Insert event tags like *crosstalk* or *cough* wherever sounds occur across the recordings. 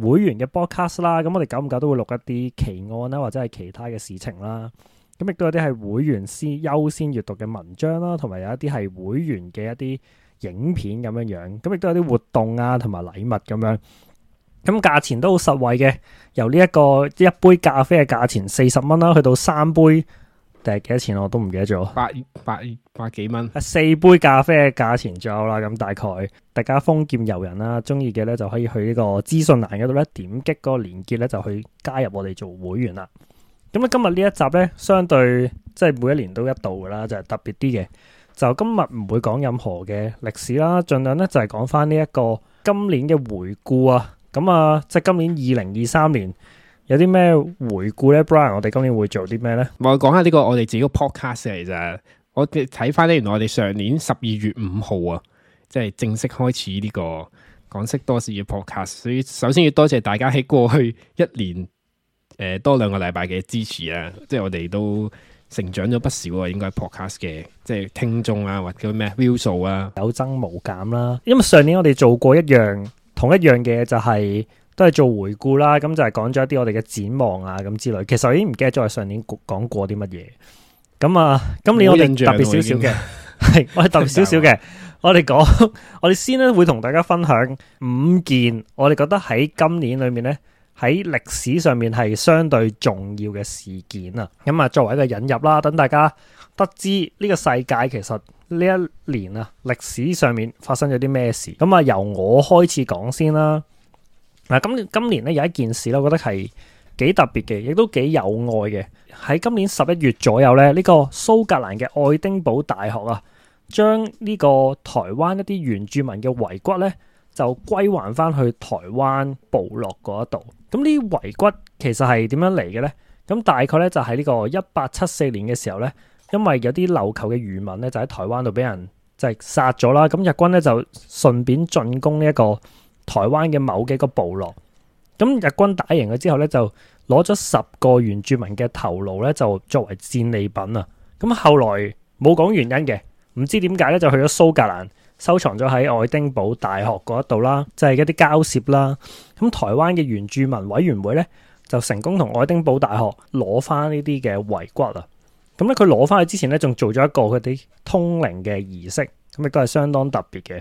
會員嘅 p o d 啦，咁我哋久唔久都會錄一啲奇案啦，或者係其他嘅事情啦，咁亦都有啲係會員先優先閱讀嘅文章啦，同埋有一啲係會員嘅一啲影片咁樣樣，咁亦都有啲活動啊，同埋禮物咁樣，咁價錢都好實惠嘅，由呢一個一杯咖啡嘅價錢四十蚊啦，去到三杯，定係幾多錢我都唔記得咗，百二百幾蚊啊，四杯咖啡嘅價錢左右啦，咁大概大家封劍游人啦，中意嘅咧就可以去呢個資訊欄嗰度咧點擊嗰個連結咧就去加入我哋做會員啦。咁啊，今日呢一集咧相對即係每一年都一度噶啦，就係特別啲嘅。就今日唔會講任何嘅歷史啦，盡量咧就係講翻呢一個今年嘅回顧啊。咁啊，即係今年二零二三年。有啲咩回顧呢 Brian 我哋今年會做啲咩呢？我講下呢個我哋自己個 podcast 嚟啫。我哋睇翻呢，原來我哋上年十二月五號啊，即係正式開始呢個港識多史嘅 podcast。所以首先要多謝大家喺過去一年誒、呃、多兩個禮拜嘅支持啊！即係我哋都成長咗不少啊，應該 podcast 嘅即係聽眾啊，或者叫咩 view 數啊，有增無減啦。因為上年我哋做過一樣同一樣嘅就係、是。都係做回顧啦，咁就係講咗一啲我哋嘅展望啊，咁之類。其實我已經唔記得咗我上年講過啲乜嘢。咁啊，今年我哋特別少少嘅，係我係特別少少嘅。我哋講， *laughs* 我哋先咧會同大家分享五件我哋覺得喺今年裏面呢，喺歷史上面係相對重要嘅事件啊。咁啊，作為一個引入啦，等大家得知呢個世界其實呢一年啊歷史上面發生咗啲咩事。咁啊，由我開始講先啦。嗱，今今年咧有一件事咧，我覺得係幾特別嘅，亦都幾有愛嘅。喺今年十一月左右咧，呢個蘇格蘭嘅愛丁堡大學啊，將呢個台灣一啲原住民嘅遺骨咧，就歸還翻去台灣部落嗰度。咁呢啲遺骨其實係點樣嚟嘅咧？咁大概咧就喺呢個一八七四年嘅時候咧，因為有啲琉球嘅漁民咧，就喺台灣度俾人就係殺咗啦。咁日軍咧就順便進攻呢一個。台灣嘅某幾個部落，咁日軍打贏咗之後咧，就攞咗十個原住民嘅頭顱咧，就作為戰利品啊！咁後來冇講原因嘅，唔知點解咧，就去咗蘇格蘭收藏咗喺愛丁堡大學嗰度啦，就係、即係、一啲交涉啦。咁台灣嘅原住民委員會咧，就成功同愛丁堡大學攞翻呢啲嘅遺骨啊！咁咧佢攞翻去之前咧，仲做咗一個佢哋通靈嘅儀式，咁亦都係相當特別嘅。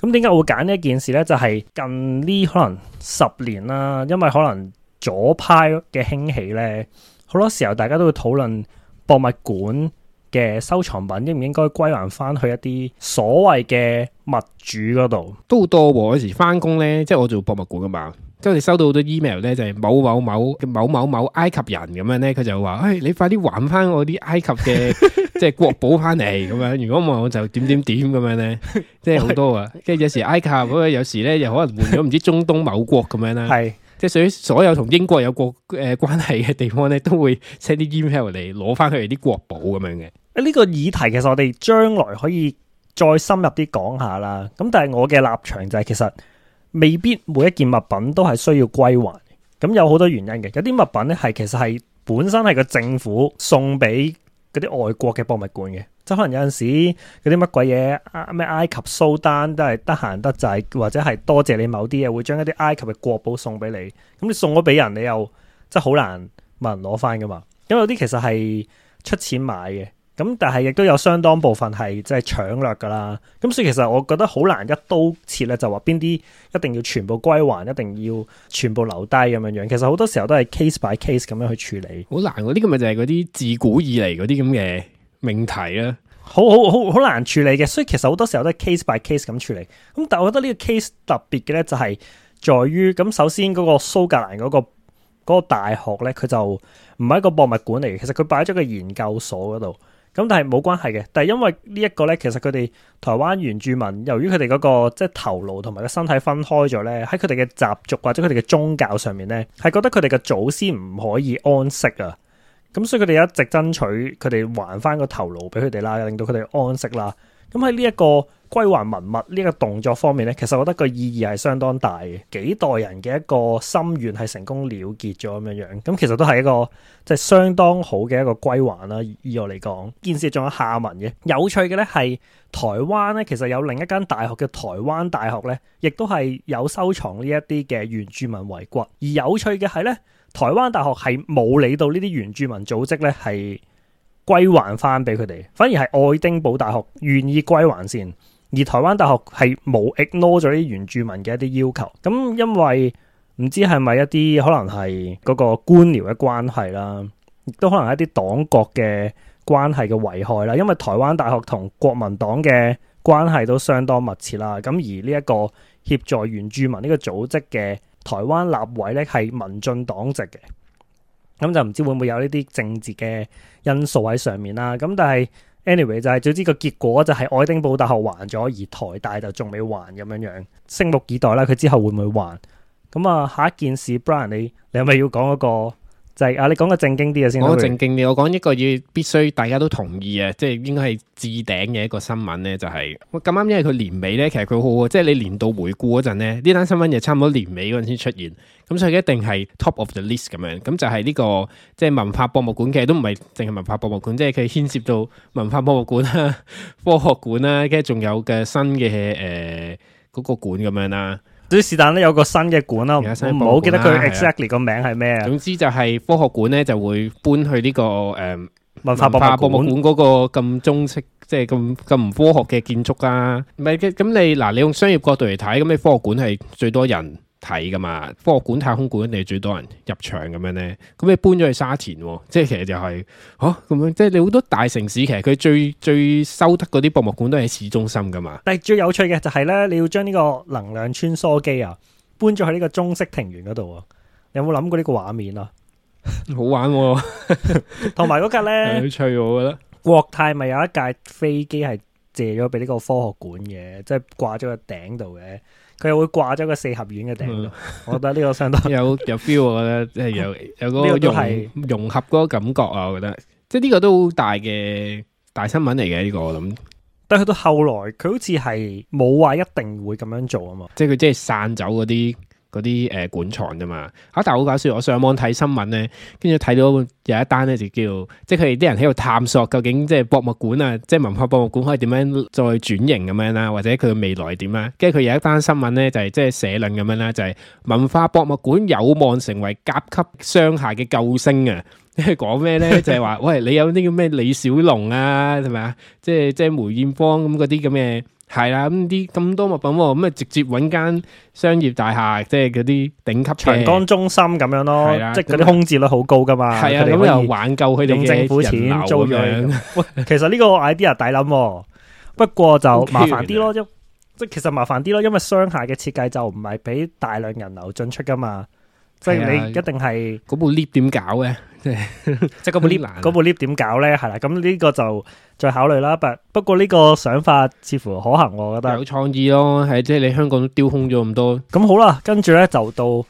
咁點解我會揀呢一件事呢？就係近呢可能十年啦，因為可能左派嘅興起呢，好多時候大家都會討論博物館嘅收藏品應唔應該歸還翻去一啲所謂嘅物主嗰度，都好多喎。嗰時翻工呢，即係我做博物館噶嘛。即係我哋收到好多 email 咧，就係某某某嘅某某某埃及人咁樣咧，佢就話：誒，你快啲還翻我啲埃及嘅即係國寶翻嚟咁樣。如果唔係我就點點點咁樣咧，即係好多啊。跟住有時埃及，咁啊有時咧又可能換咗唔知中東某國咁樣啦。係即係所有所有同英國有過誒關係嘅地方咧，都會 send 啲 email 嚟攞翻佢哋啲國寶咁樣嘅。啊，呢個議題其實我哋將來可以再深入啲講下啦。咁但係我嘅立場就係其實。未必每一件物品都係需要歸還，咁有好多原因嘅。有啲物品咧係其實係本身係個政府送俾嗰啲外國嘅博物館嘅，即係可能有陣時嗰啲乜鬼嘢咩埃及蘇丹都係得閒得滯，或者係多謝你某啲嘢會將一啲埃及嘅國寶送俾你，咁你送咗俾人，你又即係好難問人攞翻噶嘛。因為有啲其實係出錢買嘅。咁但係亦都有相當部分係即係搶掠噶啦，咁所以其實我覺得好難一刀切咧，就話邊啲一定要全部歸還，一定要全部留低咁樣樣。其實好多時候都係 case by case 咁樣去處理。好難嗰啲咁咪就係嗰啲自古以嚟嗰啲咁嘅命題啦。好好好好難處理嘅，所以其實好多時候都係 case by case 咁處理。咁但係我覺得呢個 case 特別嘅咧，就係在於咁首先嗰個蘇格蘭嗰個嗰個大學咧，佢就唔係一個博物館嚟，其實佢擺咗喺個研究所嗰度。咁但係冇關係嘅，但係因為呢、這、一個咧，其實佢哋台灣原住民由於佢哋嗰個即係頭顱同埋個身體分開咗咧，喺佢哋嘅習俗或者佢哋嘅宗教上面咧，係覺得佢哋嘅祖先唔可以安息啊，咁所以佢哋一直爭取佢哋還翻個頭顱俾佢哋啦，令到佢哋安息啦。咁喺呢一個歸還文物呢個動作方面呢，其實我覺得個意義係相當大嘅，幾代人嘅一個心願係成功了結咗咁樣樣。咁其實都係一個即係、就是、相當好嘅一個歸還啦。以我嚟講，件事仲有下文嘅。有趣嘅呢係台灣呢，其實有另一間大學嘅台灣大學呢，亦都係有收藏呢一啲嘅原住民遺骨。而有趣嘅係呢，台灣大學係冇理到呢啲原住民組織呢係。歸還翻俾佢哋，反而係愛丁堡大學願意歸還先，而台灣大學係冇 ignore 咗啲原住民嘅一啲要求。咁因為唔知係咪一啲可能係嗰個官僚嘅關係啦，亦都可能係一啲黨國嘅關係嘅危害啦。因為台灣大學同國民黨嘅關係都相當密切啦。咁而呢一個協助原住民呢個組織嘅台灣立委呢，係民進黨籍嘅。咁就唔知會唔會有呢啲政治嘅因素喺上面啦。咁但係 anyway 就係早知個結果就係愛丁堡大學還咗，而台大就仲未還咁樣樣，拭目以待啦。佢之後會唔會還，咁、嗯、啊，下一件事，Brian，你你係咪要講嗰個？就係啊！你講個正經啲嘅先。好，正經啲，我講一個要必須大家都同意啊，即係應該係置頂嘅一個新聞咧，就係咁啱，因為佢年尾咧，其實佢好喎，即係你年度回顧嗰陣咧，呢單新聞又差唔多年尾嗰陣先出現，咁所以一定係 top of the list 咁樣。咁就係呢個即係文化博物館，其實都唔係淨係文化博物館，即係佢牽涉到文化博物館啦、 *laughs* 科學館啦，跟住仲有嘅新嘅誒嗰個館咁樣啦。對，是但咧，有個新嘅館啦，唔唔好記得佢 exactly 個名係咩。總之就係科學館咧就會搬去呢、這個誒、呃、文化博物博物館嗰個咁中式，即係咁咁唔科學嘅建築啦、啊。唔係嘅，咁你嗱你，你用商業角度嚟睇，咁你科學館係最多人。睇噶嘛，科學館、太空館，你最多人入場咁樣咧，咁你搬咗去沙田、哦，即係其實就係、是，吓、啊、咁樣，即係你好多大城市其實佢最最收得嗰啲博物館都係喺市中心噶嘛。但係最有趣嘅就係咧，你要將呢個能量穿梭機啊搬咗去呢個中式庭園嗰度啊，你有冇諗過呢個畫面啊？好玩、哦，同埋嗰架咧，好 *laughs* 趣我覺得。國泰咪有一架飛機係借咗俾呢個科學館嘅，即係掛咗喺頂度嘅。佢又會掛咗個四合院嘅頂、嗯，我覺得呢個相當有有 feel，我覺得即係有有個融、啊這個、融合嗰個感覺啊！我覺得即係呢個都好大嘅大新聞嚟嘅呢個，我諗、嗯。但係到後來佢好似係冇話一定會咁樣做啊嘛，即係佢即係散走嗰啲。嗰啲誒管藏啫嘛嚇、啊，但係好搞笑，我上網睇新聞咧，跟住睇到有一單咧就叫，即係佢哋啲人喺度探索究竟即係博物館啊，即、就、係、係、文化博物館可以點樣再轉型咁樣啦，或者佢嘅未來點啦、啊。跟住佢有一單新聞咧就係即係社論咁樣啦，就係、係就係、文化博物館有望成為甲級商廈嘅救星啊！即係講咩咧？就係、係、話， *laughs* 喂，你有啲叫咩李小龍啊，係咪啊？即係即係梅艷芳咁嗰啲咁嘅。係啦，咁啲咁多物品，咁、嗯、咪直接揾間商業大廈，即係嗰啲頂級長江中心咁樣咯。的即係嗰啲空置率好高噶嘛。係啊的，咁又挽救佢哋用政府錢租咁樣。喂， *laughs* 其實呢個 idea 抵諗，不過就麻煩啲咯，即即其實麻煩啲咯，因為商廈嘅設計就唔係俾大量人流進出噶嘛，的即係你一定係嗰部 lift 點搞嘅？即係嗰部 lift 嗰部 lift 點搞咧？係啦，咁呢個就再考慮啦。不不過呢個想法似乎可行，我覺得有創意咯。係即係你香港都丟空咗咁多，咁好啦。跟住咧就到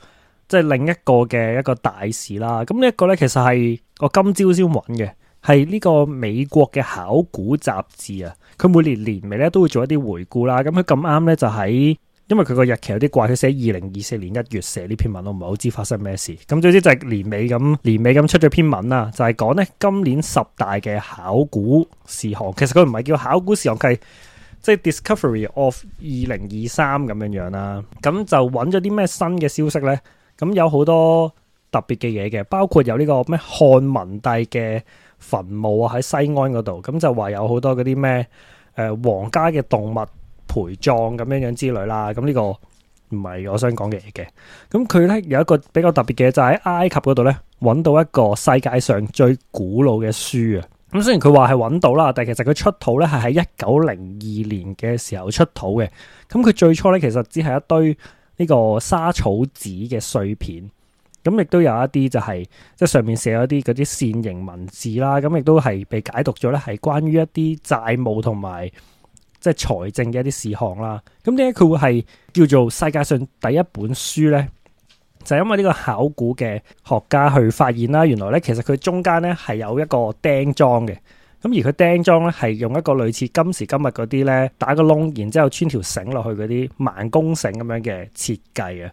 即係另一個嘅一個大事啦。咁呢一個咧其實係我今朝先揾嘅，係呢個美國嘅考古雜誌啊。佢每年年尾咧都會做一啲回顧啦。咁佢咁啱咧就喺，因為佢個日期有啲怪，佢寫二零二四年一月寫呢篇文，我唔係好知發生咩事。咁總之就係年尾咁，年尾咁出咗篇文啦，就係講呢今年十大嘅考古事項。其實佢唔係叫考古事項，計，即係 Discovery of 二零二三咁樣樣啦。咁就揾咗啲咩新嘅消息呢？咁有好多特別嘅嘢嘅，包括有呢個咩漢文帝嘅墳墓啊，喺西安嗰度。咁就話有好多嗰啲咩誒皇家嘅動物。陪葬咁樣樣之類啦，咁呢個唔係我想講嘅嘢嘅。咁佢咧有一個比較特別嘅，就喺埃及嗰度咧搵到一個世界上最古老嘅書啊！咁雖然佢話係搵到啦，但係其實佢出土咧係喺一九零二年嘅時候出土嘅。咁佢最初咧其實只係一堆呢個沙草紙嘅碎片，咁亦都有一啲就係即係上面寫咗啲嗰啲線形文字啦，咁亦都係被解讀咗咧係關於一啲債務同埋。即係財政嘅一啲事項啦，咁點解佢會係叫做世界上第一本書咧，就係因為呢個考古嘅學家去發現啦，原來咧其實佢中間咧係有一個釘裝嘅，咁而佢釘裝咧係用一個類似今時今日嗰啲咧打個窿，然之後穿條繩落去嗰啲綁弓繩咁樣嘅設計啊，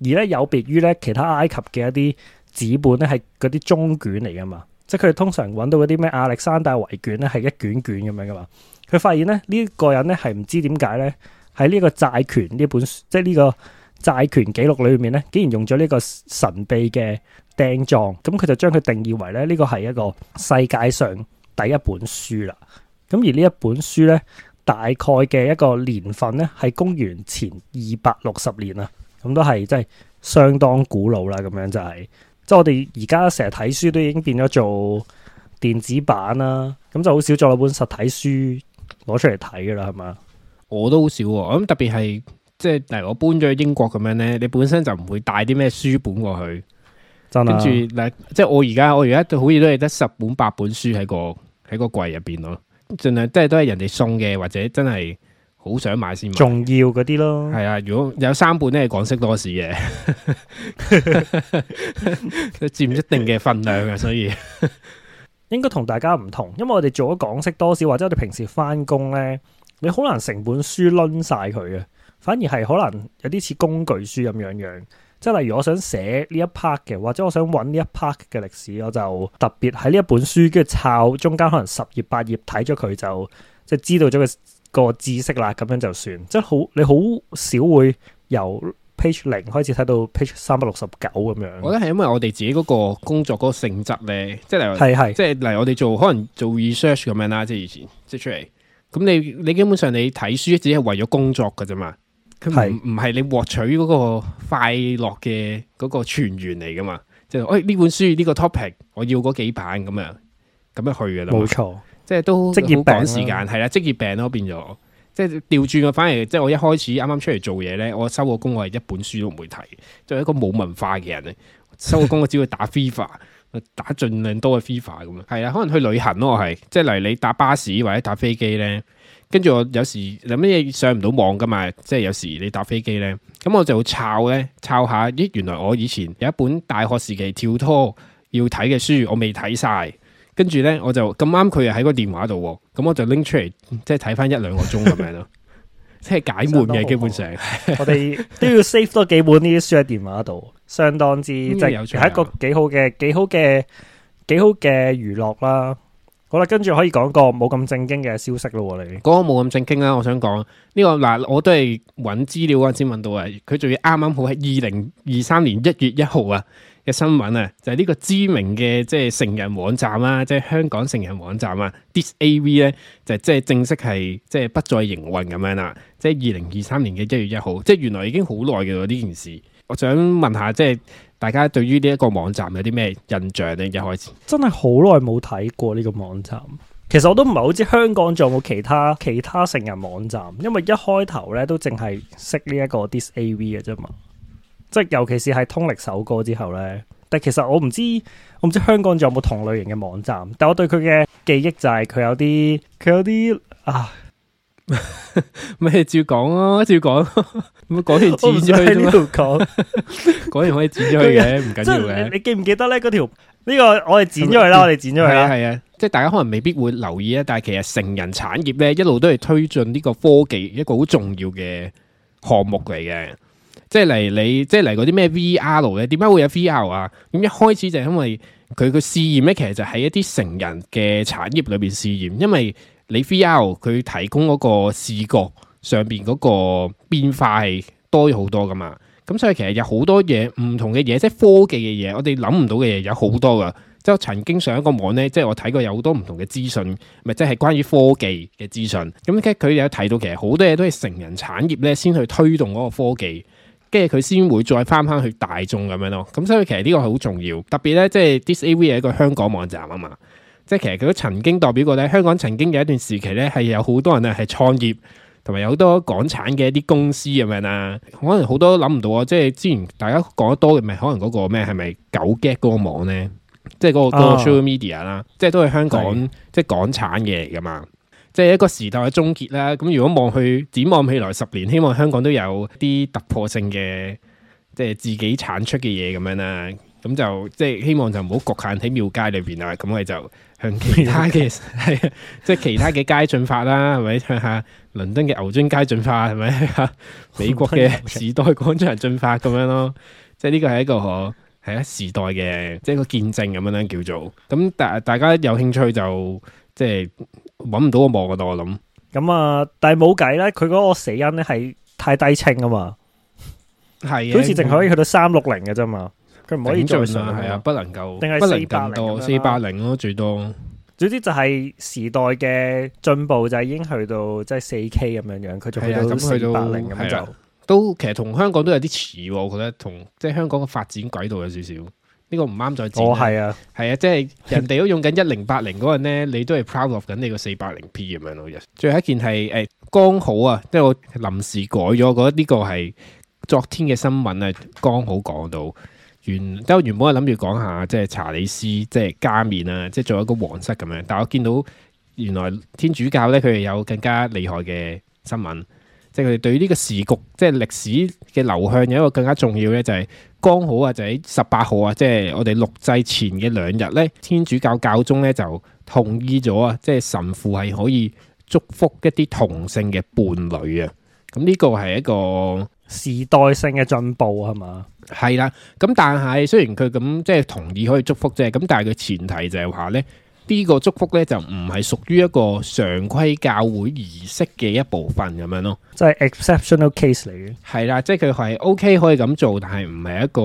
而咧有別於咧其他埃及嘅一啲紙本咧係嗰啲中卷嚟噶嘛，即係佢哋通常揾到嗰啲咩亞歷山大圍卷咧係一卷卷咁樣噶嘛。佢發現咧，呢個人咧係唔知點解咧，喺呢個債權呢本書，即係呢個債權記錄裏面咧，竟然用咗呢個神秘嘅釘狀，咁佢就將佢定義為咧，呢個係一個世界上第一本書啦。咁而呢一本書咧，大概嘅一個年份咧，係公元前二百六十年啦，咁都係即係相當古老啦。咁樣就係、是，即係我哋而家成日睇書都已經變咗做電子版啦，咁就好少再攞本實體書。攞出嚟睇噶啦，係嘛、啊？我都好少，我諗特別係即係，例如我搬咗去英國咁樣咧，你本身就唔會帶啲咩書本過去，啊、跟住嗱，即係我而家我而家都好似都係得十本八本書喺個喺個櫃入邊咯，盡量即係都係人哋送嘅，或者真係好想買先。重要嗰啲咯，係啊！如果有三本咧，港識多史嘅，佔一定嘅份量嘅、啊，所以。 *laughs* 應該同大家唔同，因為我哋做咗港識多史，或者我哋平時翻工咧，你好難成本書攆晒佢呀，反而係可能有啲似工具書咁樣樣。即係例如我想寫呢一 part 嘅，或者我想揾呢一 part 嘅歷史，我就特別喺呢一本書跟住抄中間，可能十頁八頁睇咗佢就即係知道咗佢個知識啦。咁樣就算即係好你好少會由 Page 零開始睇到 page 三百六十九咁樣，我覺得係因為我哋自己嗰個工作嗰個性質咧，即係例如，係係是，即係嚟我哋做可能做 research 咁樣啦，即係以前即係出嚟，咁你你基本上你睇書只係為咗工作㗎啫嘛，唔唔係你獲取嗰個快樂嘅嗰個泉源嚟㗎嘛，即係，哎呢本書呢、呢個 topic 我要嗰幾版咁樣咁樣去㗎啦，冇錯，即係都趕職業病時間係啦，職業病咯、啊、變咗即係調轉我，反而即係我一開始啱啱出嚟做嘢咧，我收個工我係一本書都唔會睇，作、就、做、是、一個冇文化嘅人咧，收個工我只會打 FIFA， *laughs* 打盡量多嘅 FIFA 咁樣。係啊，可能去旅行咯，我係即係例如你搭巴士或者搭飛機咧，跟住我有時有乜嘢上唔到網噶嘛，即係有時你搭飛機咧，咁我就會抄咧抄下，咦原來我以前有一本大學時期跳拖要睇嘅書，我未睇晒。跟住呢，我就咁啱佢又喺個電話度，咁、嗯、我就拎出嚟，即係睇翻一兩個鐘咁樣咯， *laughs* 即係解悶嘅。基本上， *laughs* 我哋都要 save 多幾本呢啲書喺電話度，相當之、嗯、即係是一個幾好嘅、幾好嘅、幾好嘅娛樂啦。好啦，跟住可以講個冇咁正經嘅消息咯，你講個冇咁正經啦，我想講呢、這個嗱，我都係揾資料嗰陣先揾到啊，佢仲要啱啱好喺二零二三年一月一號啊。嘅新聞啊，就係呢個知名嘅即係成人網站啦，即係香港成人網站啊，ThisAV 咧就即係正式係即係不再營運咁樣啦，即係二零二三年嘅一月一號，即係原來已經好耐嘅呢件事。我想問下，即係大家對於呢一個網站有啲咩印象咧？一開始真係好耐冇睇過呢個網站，其實我都唔係好知香港仲有冇其他其他成人網站，因為一開頭咧都淨係識呢一個 ThisAV 嘅啫嘛。即係尤其是係通力首歌之後咧，但其實我唔知我唔知香港仲有冇同類型嘅網站，但我對佢嘅記憶就係佢有啲佢有啲啊，咪照講咯，照講，咪講完剪咗佢啫嘛，講完可以剪咗佢嘅，唔緊要嘅。你記唔記得咧？嗰條呢個我哋剪咗佢啦，我哋剪咗佢啦，係啊，即係大家可能未必會留意啊，但係其實成人產業咧一路都係推進呢個科技一個好重要嘅項目嚟嘅。即係嚟你，即係嚟嗰啲咩 VR 咧？點解會有 VR 啊？咁一開始就係因為佢嘅試驗咧，其實就喺一啲成人嘅產業裏邊試驗，因為你 VR 佢提供嗰個視覺上邊嗰個變化係多咗好多噶嘛。咁所以其實有好多嘢唔同嘅嘢，即係科技嘅嘢，我哋諗唔到嘅嘢有好多噶。嗯、即係我曾經上一個網咧，即係我睇過有好多唔同嘅資訊，咪即係關於科技嘅資訊。咁佢哋有睇到其實好多嘢都係成人產業咧先去推動嗰個科技。跟住佢先會再翻返去大眾咁樣咯，咁所以其實呢個係好重要，特別呢，即係 ThisAV 係一個香港網站啊嘛，即係其實佢都曾經代表過咧香港曾經嘅一段時期呢，係有好多人啊係創業，同埋有好多港產嘅一啲公司咁樣啊，可能好多都諗唔到啊，即係之前大家講得多嘅咪可能嗰個咩係咪 9GAG 嗰個網咧，啊、即係嗰個 social media 啦，即係都係香港即係是港產嘅嚟噶嘛。即係一個時代嘅終結啦，咁如果望去展望未來十年，希望香港都有啲突破性嘅，即係自己產出嘅嘢咁樣啦，咁就即係希望就唔好局限喺廟街裏邊啦，咁我哋就向其他嘅係啊，街 *laughs* 即係其他嘅街進發啦，係咪 *laughs* 向下倫敦嘅牛津街進發，係咪美國嘅時代廣場進發咁樣咯？即係呢個係一個可係一個時代嘅，即係一個見證咁樣啦，叫做咁大大家有興趣就即係。搵唔到個幕嗰度，我諗。咁啊，但係冇計咧，佢嗰個死因咧係太低清啊嘛。係的。好似淨係可以去到三六零嘅啫嘛，佢唔可以再上。係啊，不能夠。定係四八零，四八零咯，最多。總之就係時代嘅進步就已經去到即係四 K 咁樣樣，佢仲可以去到八零咁就。都其實同香港都有啲似，我覺得同即係香港嘅發展軌道有少少。呢個唔啱再剪、哦。係啊，係啊，即、就、係、是、人哋都用緊一零八零嗰陣咧，你都係 proud of 緊你個四百零 P 咁樣咯。最後一件係誒、哎、剛好啊，即係我臨時改咗我覺得呢個係昨天嘅新聞啊，剛好講到原，即係原本我諗住講下即係、就是、查理斯即係、就是、加冕啊，即、就、係、是、做一個皇室咁樣，但係我見到原來天主教咧佢哋有更加厲害嘅新聞，即係佢哋對於呢個時局即係、就是、歷史嘅流向有一個更加重要咧，就係、是。剛好啊，就喺十八號啊，即係我哋錄製前嘅兩日咧，天主教教宗咧就同意咗啊，即係神父係可以祝福一啲同性嘅伴侶啊，咁呢個係一個時代性嘅進步係嘛？係啦，咁但係雖然佢咁即係同意可以祝福啫，咁但係佢前提就係話咧。呢個祝福咧就唔係屬於一個常規教會儀式嘅一部分咁樣咯，即係 exceptional case 嚟嘅。係啦，即係佢係 OK 可以咁做，但係唔係一個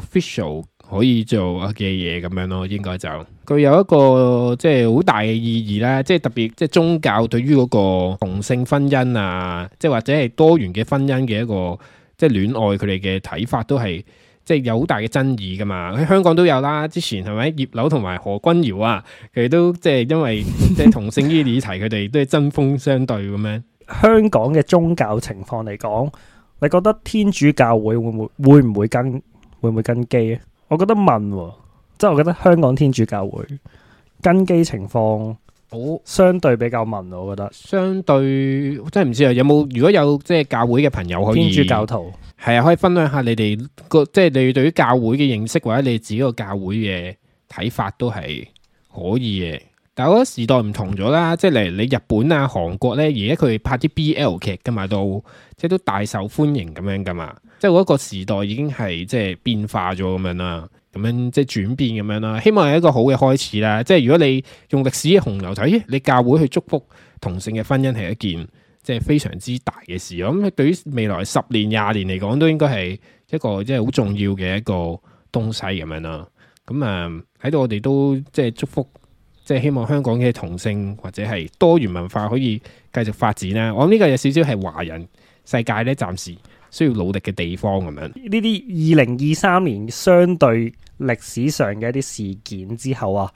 official 可以做嘅嘢咁樣咯。應該就佢有一個即係好大嘅意義啦。即係特別即係宗教對於嗰個同性婚姻啊，即係或者係多元嘅婚姻嘅一個即係戀愛佢哋嘅睇法都係。即係有好大嘅爭議噶嘛？喺香港都有啦。之前係咪葉劉同埋何君堯啊？佢哋都即係因為即係同性議題，佢哋 *laughs* 都係針鋒相對咁樣。香港嘅宗教情況嚟講，你覺得天主教會會會唔會跟會唔會跟基啊？我覺得問、啊，即係我覺得香港天主教會跟基情況好相對比較問、啊。我覺得、哦、相對真係唔知啊，有冇如果有即係教會嘅朋友可以天主教徒。係啊，可以分享下你哋個即係你對於教會嘅認識，或者你自己個教會嘅睇法，都係可以嘅。但我覺得時代唔同咗啦，即係例如你日本啊、韓國咧，而家佢哋拍啲 BL 劇噶嘛，都即係都大受歡迎咁樣噶嘛。即係嗰個時代已經係即係變化咗咁樣啦，咁樣即係轉變咁樣啦。希望係一個好嘅開始啦。即係如果你用歷史嘅洪流睇、哎，你教會去祝福同性嘅婚姻係一件。即係非常之大嘅事，咁對於未來十年、廿年嚟講，都應該係一個即係好重要嘅一個東西咁樣啦。咁啊喺度，呃、我哋都即係祝福，即係希望香港嘅同性或者係多元文化可以繼續發展啦。我諗呢個有少少係華人世界咧，暫時需要努力嘅地方咁樣。呢啲二零二三年相對歷史上嘅一啲事件之後啊。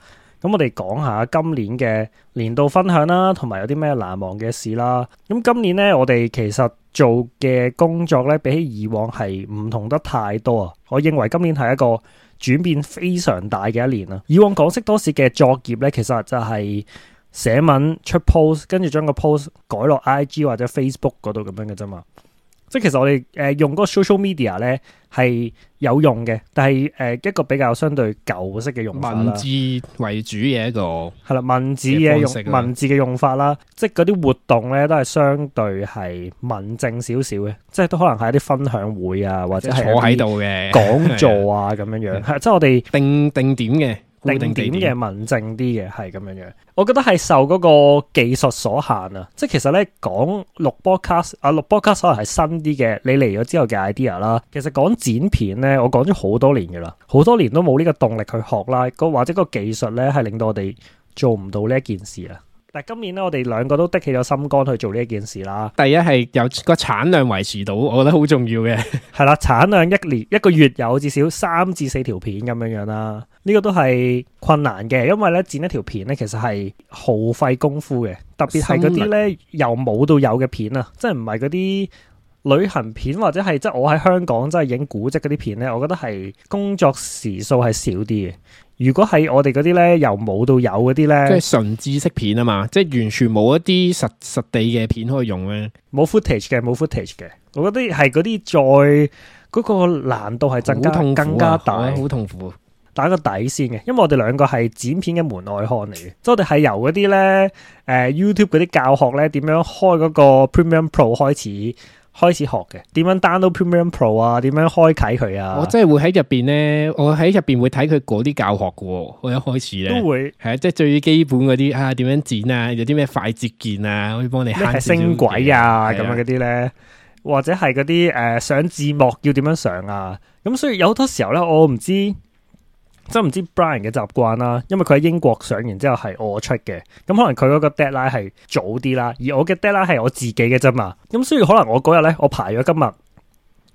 咁我哋講下今年嘅年度分享啦，同埋有啲咩難忘嘅事啦。咁今年呢，我哋其實做嘅工作呢，比起以往係唔同得太多啊。我認為今年係一個轉變非常大嘅一年啊。以往港識多史嘅作業呢，其實就係寫文出 post，跟住將個 post 改落 IG 或者 Facebook 嗰度咁樣嘅啫嘛。即係其實我哋誒用嗰個 social media 咧係有用嘅，但係誒一個比較相對舊式嘅用法，文字為主嘅一個係啦，文字嘅用文字嘅用法啦，即係嗰啲活動咧都係相對係文靜少少嘅，即係都可能係一啲分享會啊，或者係坐喺度嘅講座啊咁樣樣，係 *laughs* 的即係我哋定定點嘅。定點嘅文靜啲嘅係咁樣樣，我覺得係受嗰個技術所限啊！即係其實咧講錄 broadcast 啊，錄 broadcast 可能係新啲嘅，你嚟咗之後嘅 idea 啦，其實講剪片咧，我講咗好多年嘅啦，好多年都冇呢個動力去學啦，個或者個技術咧係令到我哋做唔到呢一件事啊！但今年咧，我哋兩個都的起咗心肝去做呢一件事啦。第一係有個產量維持到，我覺得好重要嘅。係 *laughs* 啦，產量一年一個月有至少三至四條片咁樣樣啦。呢、這個都係困難嘅，因為咧剪一條片咧，其實係耗費功夫嘅。特別係嗰啲咧由冇到有嘅片啊，即係唔係嗰啲旅行片或者係即係我喺香港即係影古跡嗰啲片咧，我覺得係工作時數係少啲嘅。如果係我哋嗰啲咧，由冇到有嗰啲咧，即係純知識片啊嘛，即係完全冇一啲實實地嘅片可以用咧，冇 footage 嘅，冇 footage 嘅。我覺得係嗰啲再嗰、嗰個難度係增加痛、啊、更加大，好痛苦、啊、打個底先嘅。因為我哋兩個係剪片嘅門外漢嚟，即係 *laughs* 我哋係由嗰啲咧誒 YouTube 嗰啲教學咧，點樣開嗰個 Premiere Pro 開始。開始學嘅，點樣 download Premiere Pro 啊？點樣開啟佢啊？我真係會喺入邊咧，我喺入邊會睇佢嗰啲教學嘅。我一開始咧都會係啊，即係最基本嗰啲啊，點樣剪啊？有啲咩快捷鍵啊？可以幫你慳星軌啊，咁樣嗰啲咧，啊、或者係嗰啲誒上字幕要點樣上啊？咁所以有好多時候咧，我唔知。真唔知 Brian 嘅習慣啦，因為佢喺英國上完之後係我出嘅，咁可能佢嗰個 deadline 係早啲啦，而我嘅 deadline 係我自己嘅啫嘛。咁、嗯、所以可能我嗰日咧，我排咗今日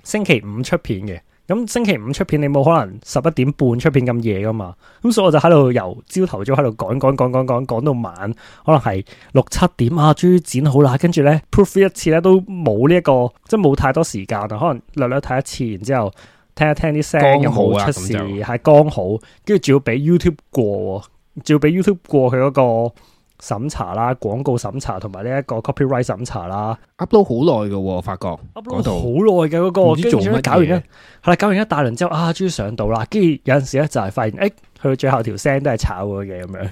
星期五出片嘅，咁、嗯、星期五出片你冇可能十一點半出片咁夜㗎嘛。咁、嗯、所以我就喺度由朝頭早喺度講講講講講講到晚，可能係六七點啊，終於剪好啦，跟住咧 proof 一次咧都冇呢一個，即係冇太多時間啊，可能略略睇一次，然之後。聽一聽啲聲，又冇出事，係剛好，啊，跟住仲要俾 YouTube 過，仲要俾 YouTube 過去嗰個審查啦，廣告審查同埋呢一個 copyright 審查啦，upload 好耐嘅，發覺，upload 好耐嘅嗰個，唔知做乜嘢，搞完咧，係啦，搞完一大輪之後啊，終於上到啦，跟住有陣時咧就係發現，誒、欸。去到最後條聲都係炒嘅咁樣，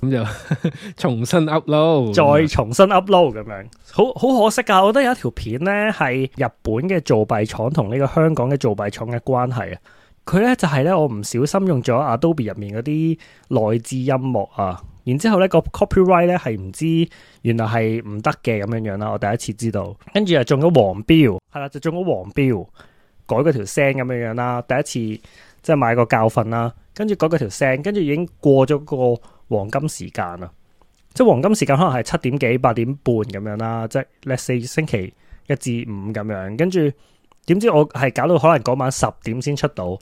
咁就 *laughs* *laughs* 重新 upload， *laughs* 再重新 upload 咁樣，好好可惜噶。我覺得有一條片咧係日本嘅造幣廠同呢個香港嘅造幣廠嘅關係啊。佢咧就係、是、咧我唔小心用咗 Adobe 入面嗰啲內置音樂啊，然之後咧、那個 copyright 咧係唔知原來係唔得嘅咁樣樣啦。我第一次知道，跟住又中咗黃標，係啦，就中咗黃標，改嗰條聲咁樣樣啦，第一次。即係買個教訓啦，跟住改個條聲，跟住已經過咗個黃金時間啦。即係黃金時間可能係七點幾、八點半咁樣啦，即係咧四星期一至五咁樣。跟住點知我係搞到可能嗰晚十點先出到，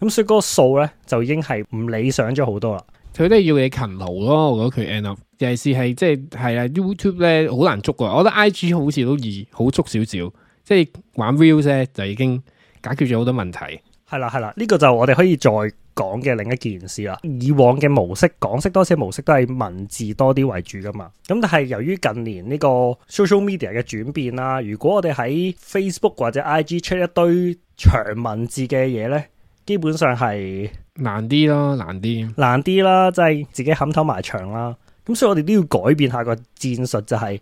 咁所以嗰個數咧就已經係唔理想咗好多啦。佢都要你勤勞咯，我覺得佢 end up 尤其是係即係係啦 YouTube 咧好難捉，我覺得 IG 好似都易好捉少少，即係玩 view 啫就已經解決咗好多問題。係啦，係啦，呢個就我哋可以再講嘅另一件事啦。以往嘅模式，港識多史模式都係文字多啲為主噶嘛。咁但係由於近年呢個 social media 嘅轉變啦，如果我哋喺 Facebook 或者 IG 出一堆長文字嘅嘢呢，基本上係難啲咯，難啲，難啲啦，即係自己冚頭埋牆啦。咁所以我哋都要改變下個戰術，就係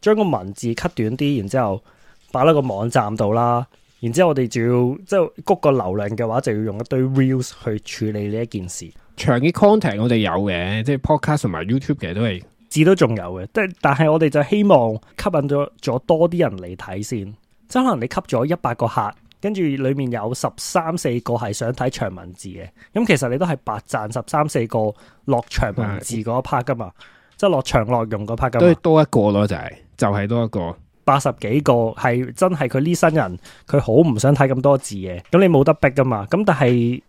將個文字 cut 短啲，然之後擺喺個網站度啦。然之後我哋就要即係谷個流量嘅話，就要用一堆 reels 去處理呢一件事。長嘅 content 我哋有嘅，即係 podcast 同埋 YouTube 嘅都係字都仲有嘅。即係但係我哋就希望吸引咗咗多啲人嚟睇先。即係可能你吸咗一百個客，跟住裡面有十三四個係想睇長文字嘅。咁其實你都係白賺十三四個落長文字嗰 part 㗎嘛。嗯、即係落長內容嗰 part 㗎嘛。都多一個咯，就係就係多一個。八十幾個係真係佢呢新人，佢好唔想睇咁多字嘅，咁你冇得逼噶嘛。咁但係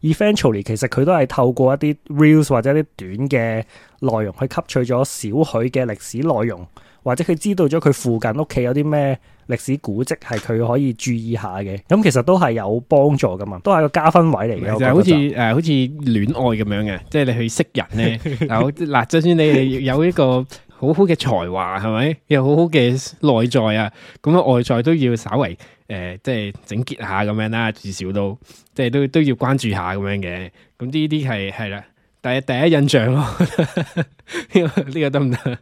eventually 其實佢都係透過一啲 reels 或者一啲短嘅內容去吸取咗少許嘅歷史內容，或者佢知道咗佢附近屋企有啲咩歷史古蹟係佢可以注意下嘅。咁其實都係有幫助噶嘛，都係個加分位嚟嘅。就係、啊、好似誒好似戀愛咁樣嘅，即係你去識人咧。嗱，就算你有呢個。 *laughs* 好好嘅才華係咪？有好好嘅內在啊！咁、嗯、啊，外在都要稍微誒、呃，即係整潔下咁樣啦，至少都即係都都要關注下咁樣嘅。咁呢啲係係啦，第一第一印象咯 *laughs* 行行。呢個呢個得唔得？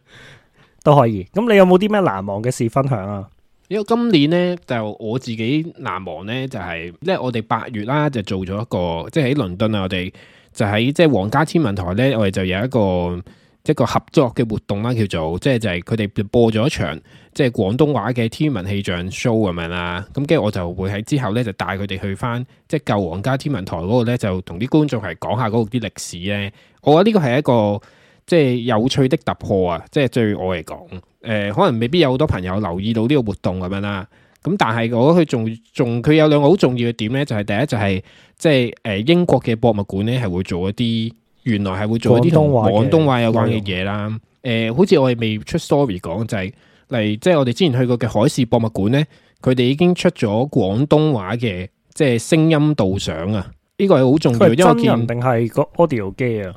都可以。咁你有冇啲咩難忘嘅事分享啊？因為今年咧就我自己難忘咧就係，因為我哋八月啦就做咗一個，即係喺倫敦啊，我哋就喺即係皇家天文台咧，我哋就有一個。一個合作嘅活動啦，叫做即係就係佢哋播咗一場即係廣東話嘅天文氣象 show 咁樣啦。咁跟住我就會喺之後呢，就帶佢哋去翻即係舊皇家天文台嗰度呢，就同啲觀眾係講下嗰啲歷史呢。我覺得呢個係一個即係有趣的突破啊！即係對我嚟講，誒、呃、可能未必有好多朋友留意到呢個活動咁樣啦。咁但係我覺得佢仲仲佢有兩個好重要嘅點，就係就係、呢，就係第一就係即係英國嘅博物館呢，係會做一啲。原來係會做廣東，廣東話有關嘅嘢啦。誒、嗯，好似，呃、我哋未出 story 講就係、是、嚟，即係我哋之前去過嘅海事博物館咧，佢哋已經出咗廣東話嘅即係聲音導賞啊。呢，這個係好重要，因為真人定係個 audio 機啊？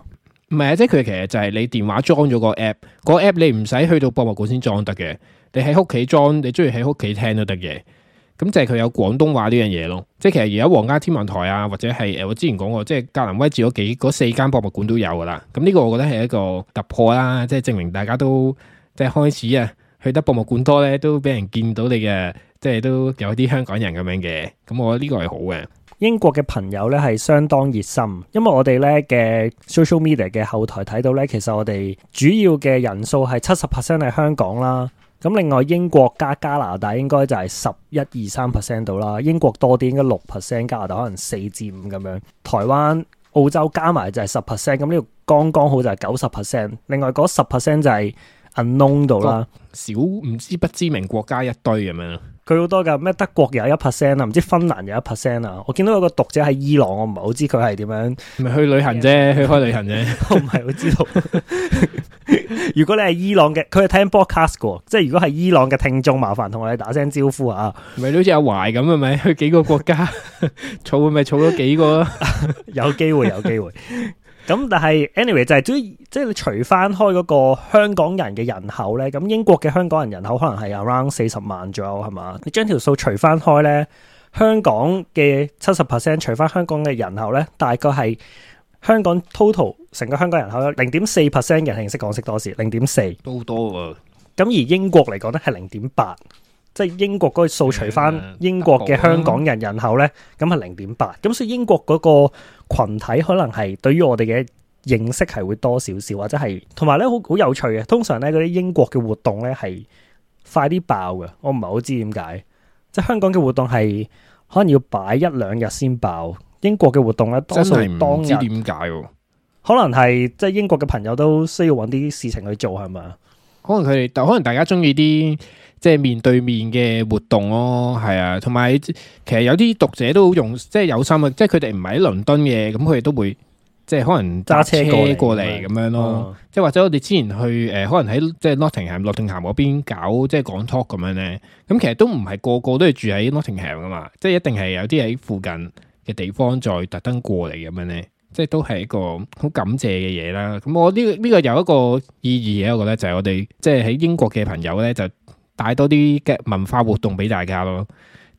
唔係啊，即係佢其實就係你電話裝咗個 app，個 app 你唔使去到博物館先裝得嘅，你喺屋企裝，你中意喺屋企聽都得嘅。咁就係佢有廣東話呢樣嘢咯，即係其實而家皇家天文台啊，或者係誒我之前講過，即係格林威治嗰四間博物館都有噶啦。咁、這、呢個我覺得係一個突破啦，即係證明大家都即係開始啊去得博物館多咧，都俾人見到你嘅，即係都有啲香港人咁樣嘅。咁我覺得呢個係好嘅。英國嘅朋友咧係相當熱心，因為我哋咧嘅 social media 嘅後台睇到咧，其實我哋主要嘅人數係七十 percent 係香港啦。咁另外英國加加拿大應該就係十一二三 percent 到啦，英國多啲應該六 percent，加拿大可能四至五咁樣。台灣、澳洲加埋就係十 percent，咁呢度剛剛好就係九十 percent。另外嗰十 percent 就係、是、unknown 度啦，少唔知不知名國家一堆咁樣。佢好多噶，咩德國有一 percent 啊，唔知芬蘭有一 percent 啊。我見到有個讀者喺伊朗，我唔係好知佢係點樣。咪去旅行啫，Yeah. 去開旅行啫， *laughs* 我唔係好知道。 *laughs* 如果你係伊朗嘅，佢係聽 broadcast 過即係如果係伊朗嘅聽眾，麻煩同我哋打聲招呼啊。咪好似阿懷咁啊，係咪去幾個國家，儲會咪儲咗幾個有機會有機會。咁但係 anyway 就係即係你除翻開嗰個香港人嘅人口咧，咁英國嘅香港人人口可能係 around 四十萬左右係嘛？你將條數除翻開咧，香港嘅七十 percent 除翻香港嘅人口咧，大概係香港 total 成個香港人口咧零點四 percent 嘅認識港識多史，零點四都多啊！咁而英國嚟講咧係零點八。即係英國嗰個數除翻英國嘅香港人人口呢，咁係零點八。咁所以英國嗰個羣體可能係對於我哋嘅認識係會多少少，或者係同埋呢，好好有，有趣嘅。通常呢，嗰啲英國嘅活動呢係快啲爆嘅。我唔係好知點解。即係香港嘅活動係可能要擺一兩日先爆。英國嘅活動咧，多數唔知點解。可能係即係英國嘅朋友都需要揾啲事情去做，係咪？可能佢哋，可能大家中意啲即係面對面嘅活動咯，係啊，同埋其實有啲讀者都好用，即係有心啊，即係佢哋唔係喺倫敦嘅，咁佢哋都會即係可能揸車過嚟咁樣咯，樣咯嗯、即係或者我哋之前去誒、呃，可能喺即係 Notting Hill、Notting Hill 嗰邊搞即係講 talk 咁樣咧，咁其實都唔係個個都係住喺 Notting Hill 噶嘛，即係一定係有啲喺附近嘅地方再特登過嚟咁樣咧。即係都係一個好感謝嘅嘢啦，咁我呢呢個有一個意義嘅，我覺得就係我哋即係喺英國嘅朋友呢，就帶多啲嘅文化活動俾大家咯。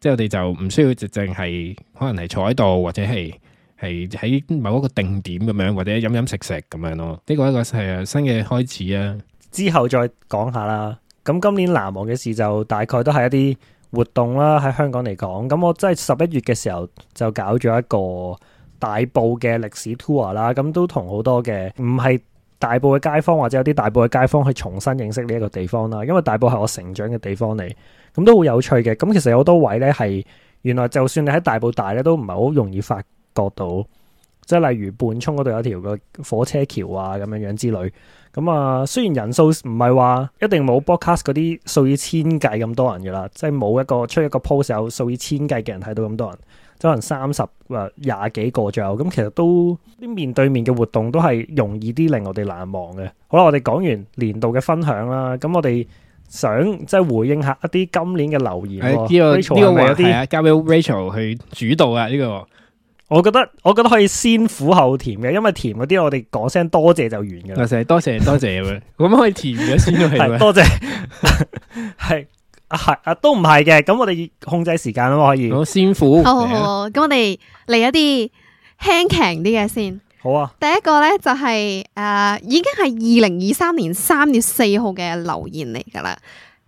即係我哋就唔需要直正係可能係坐喺度或者係係喺某一個定點咁樣或者飲飲食食咁樣咯。呢個一個係新嘅開始啊，之後再講下啦。咁今年難忘嘅事就大概都係一啲活動啦，喺香港嚟講。咁我真係十一月嘅時候就搞咗一個。大埔嘅歷史 tour 啦，咁都同好多嘅唔係大埔嘅街坊或者有啲大埔嘅街坊去重新認識呢一個地方啦。因為大埔係我成長嘅地方嚟，咁都好有趣嘅。咁其實有好多位咧，係原來就算你喺大埔大咧，都唔係好容易發覺到。即係例如泮涌嗰度有條個火車橋啊，咁樣樣之類。咁啊，雖然人數唔係話一定冇 broadcast 嗰啲數以千計咁多人嘅啦，即係冇一個出一個 post 有數以千計嘅人睇到咁多人。可能三十啊廿幾個左右，咁其實都啲面對面嘅活動都係容易啲令我哋難忘嘅。好啦，我哋講完年度嘅分享啦，咁我哋想即係回應一下一啲今年嘅留言。呢、哎這個呢 Rachel 個係啊，交俾 Rachel 去主導啊呢、這個。我覺得我覺得可以先苦後甜嘅，因為甜嗰啲我哋講聲多謝就完噶啦。就係多謝多謝咁，多謝 *laughs* 可以甜嘅先 *laughs* 多謝係。 *laughs* 係啊，都唔係嘅，咁我哋控制時間啊嘛，可以。好、哦、先苦。 *laughs* 哦、好，好，好，好。咁我哋嚟一啲輕強啲嘅先。好啊。第一個呢就係、是、誒、呃，已經係二零二三年三月四號嘅留言嚟噶啦，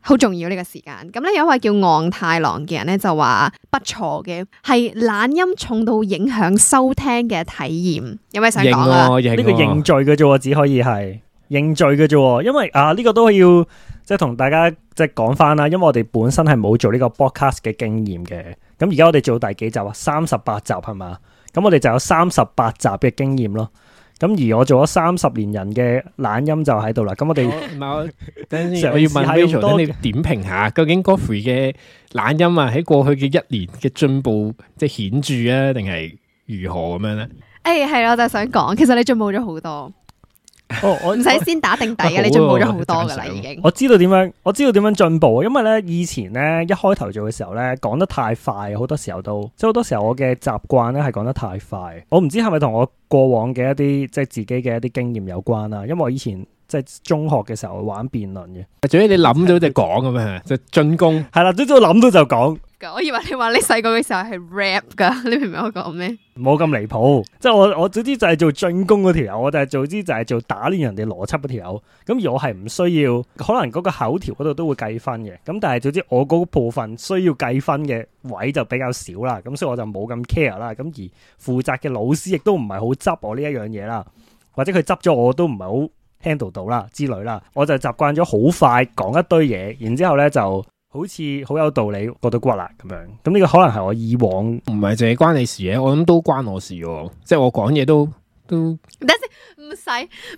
好重要呢個時間。咁咧有一位叫昂太郎嘅人呢，就話不錯嘅，係懶音重度影響收聽嘅體驗。有咩想講啊？呢、啊、個認罪嘅啫，只可以係認罪嘅啫，因為啊呢、這個都係要。即係同大家即係講翻啦，因為我哋本身係冇做呢個 podcast 嘅經驗嘅，咁而家我哋做第幾集啊？三十八集係嘛？咁我哋就有三十八集嘅經驗咯。咁而我做咗三十年人嘅懶音就喺度啦。咁我哋唔係我,我等陣嘗試 我要問 Rachel 等你點評下 *laughs* 究竟 Godfrey 嘅懶音啊，喺過去嘅一年嘅進步即係顯著啊，定係如何咁樣咧？誒、哎，係啦我就係想講，其實你進步咗好多。 *laughs* 哦，我唔使 *laughs* 先打定底嘅，啊、你進步咗好多噶啦了，已經我知道點樣，我知道點樣進步啊，因為咧以前咧一開頭做嘅時候咧講得太快，好多時候都即係好多時候我嘅習慣咧係講得太快，我唔知係咪同我過往嘅一啲即係自己嘅一啲經驗有關啦，因為我以前即係中學嘅時候玩辯論嘅，總之， *laughs* 你、就、諗、是、 *laughs* *laughs* 到就講咁樣，就進攻係啦，即係諗到就講。我以為你話你細個嘅時候係 rap 噶，你明唔明我講咩？冇咁離譜，即係我我總之就係做進攻嗰條友，我就係總之就係做打亂人哋邏輯嗰條友。咁而我係唔需要，可能嗰個口條嗰度都會計分嘅。咁但係總之我嗰部分需要計分嘅位就比較少啦。咁所以我就冇咁 care 啦。咁而負責嘅老師亦都唔係好執我呢一樣嘢啦，或者佢執咗我都唔係好 handle 到啦之類啦。我就習慣咗好快講一堆嘢，然之後咧就。好似好有道理，覺得骨喇咁樣。咁呢個可能係我以往唔係淨係關你事嘅，我諗都關我事。即係我講嘢都。都等唔使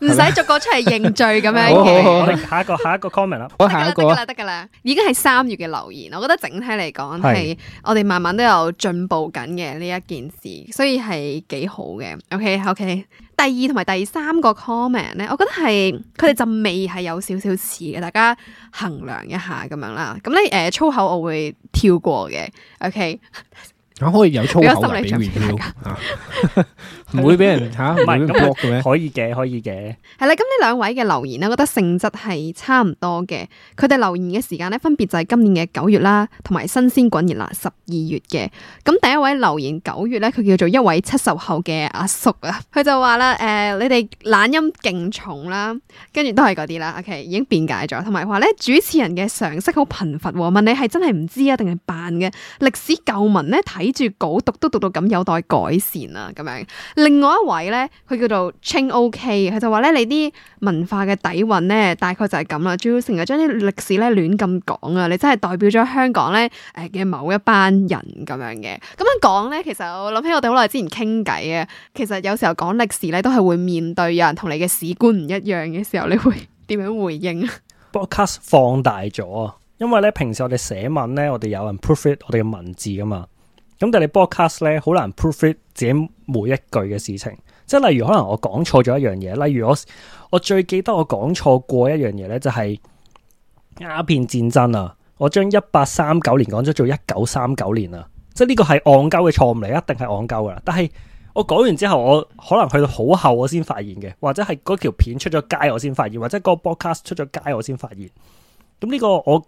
唔使逐個出嚟認罪咁樣嘅。 *laughs* *laughs* 我哋下一個下一個 comment 啦。得噶啦，得噶啦，得噶啦。已經係三月嘅留言，我覺得整體嚟講係我哋慢慢都有進步緊嘅呢一件事，所以係幾好嘅。OK OK。第二同埋第三個 comment 咧，我覺得係佢哋陣味係有少少似嘅，大家衡量一下咁樣啦。咁咧，誒粗口我會跳過嘅。OK。我、啊、可以有粗口唔 *laughs* 會俾人嚇，唔係咁搏嘅咩？可以嘅，可以嘅。係啦，咁呢兩位嘅留言咧，我覺得性質係差唔多嘅。佢哋留言嘅時間呢，分別就係今年嘅九月啦，同埋新鮮滾熱辣十二月嘅。咁第一位留言九月呢，佢叫做一位七十後嘅阿叔啊，佢就話啦，誒、呃，你哋懶音勁重啦，跟住都係嗰啲啦。OK，已經辯解咗，同埋話呢，主持人嘅常識好貧乏，問你係真係唔知啊，定係扮嘅？歷史舊文呢，睇住稿讀都讀到咁有待改善啊，咁樣。另外一位咧，佢叫做 Ching O K，佢就話咧，你啲文化嘅底蘊咧，大概就係咁啦，仲要成日將啲歷史咧亂咁講啊！你真係代表咗香港咧誒嘅某一班人咁樣嘅。咁樣講咧，其實我諗起我哋好耐之前傾偈啊，其實有時候講歷史咧，都係會面對有人同你嘅史觀唔一樣嘅時候，你會點樣回應啊？Broadcast 放大咗，因為咧平時我哋寫文咧，我哋有人 proofread 我哋嘅文字噶嘛。咁但係你 broadcast 咧，好難 prove it 自己每一句嘅事情。即係例如可能我講錯咗一樣嘢，例如我我最記得我講錯過一樣嘢咧，就係鴉片戰爭啊！我將一八三九年講咗做一九三九年啊！即係呢個係戇鳩嘅錯誤嚟，一定係戇鳩噶啦。但係我講完之後，我可能去到好後我先發現嘅，或者係嗰條片出咗街我先發現，或者嗰個 broadcast 出咗街我先發現。咁、這、呢個我。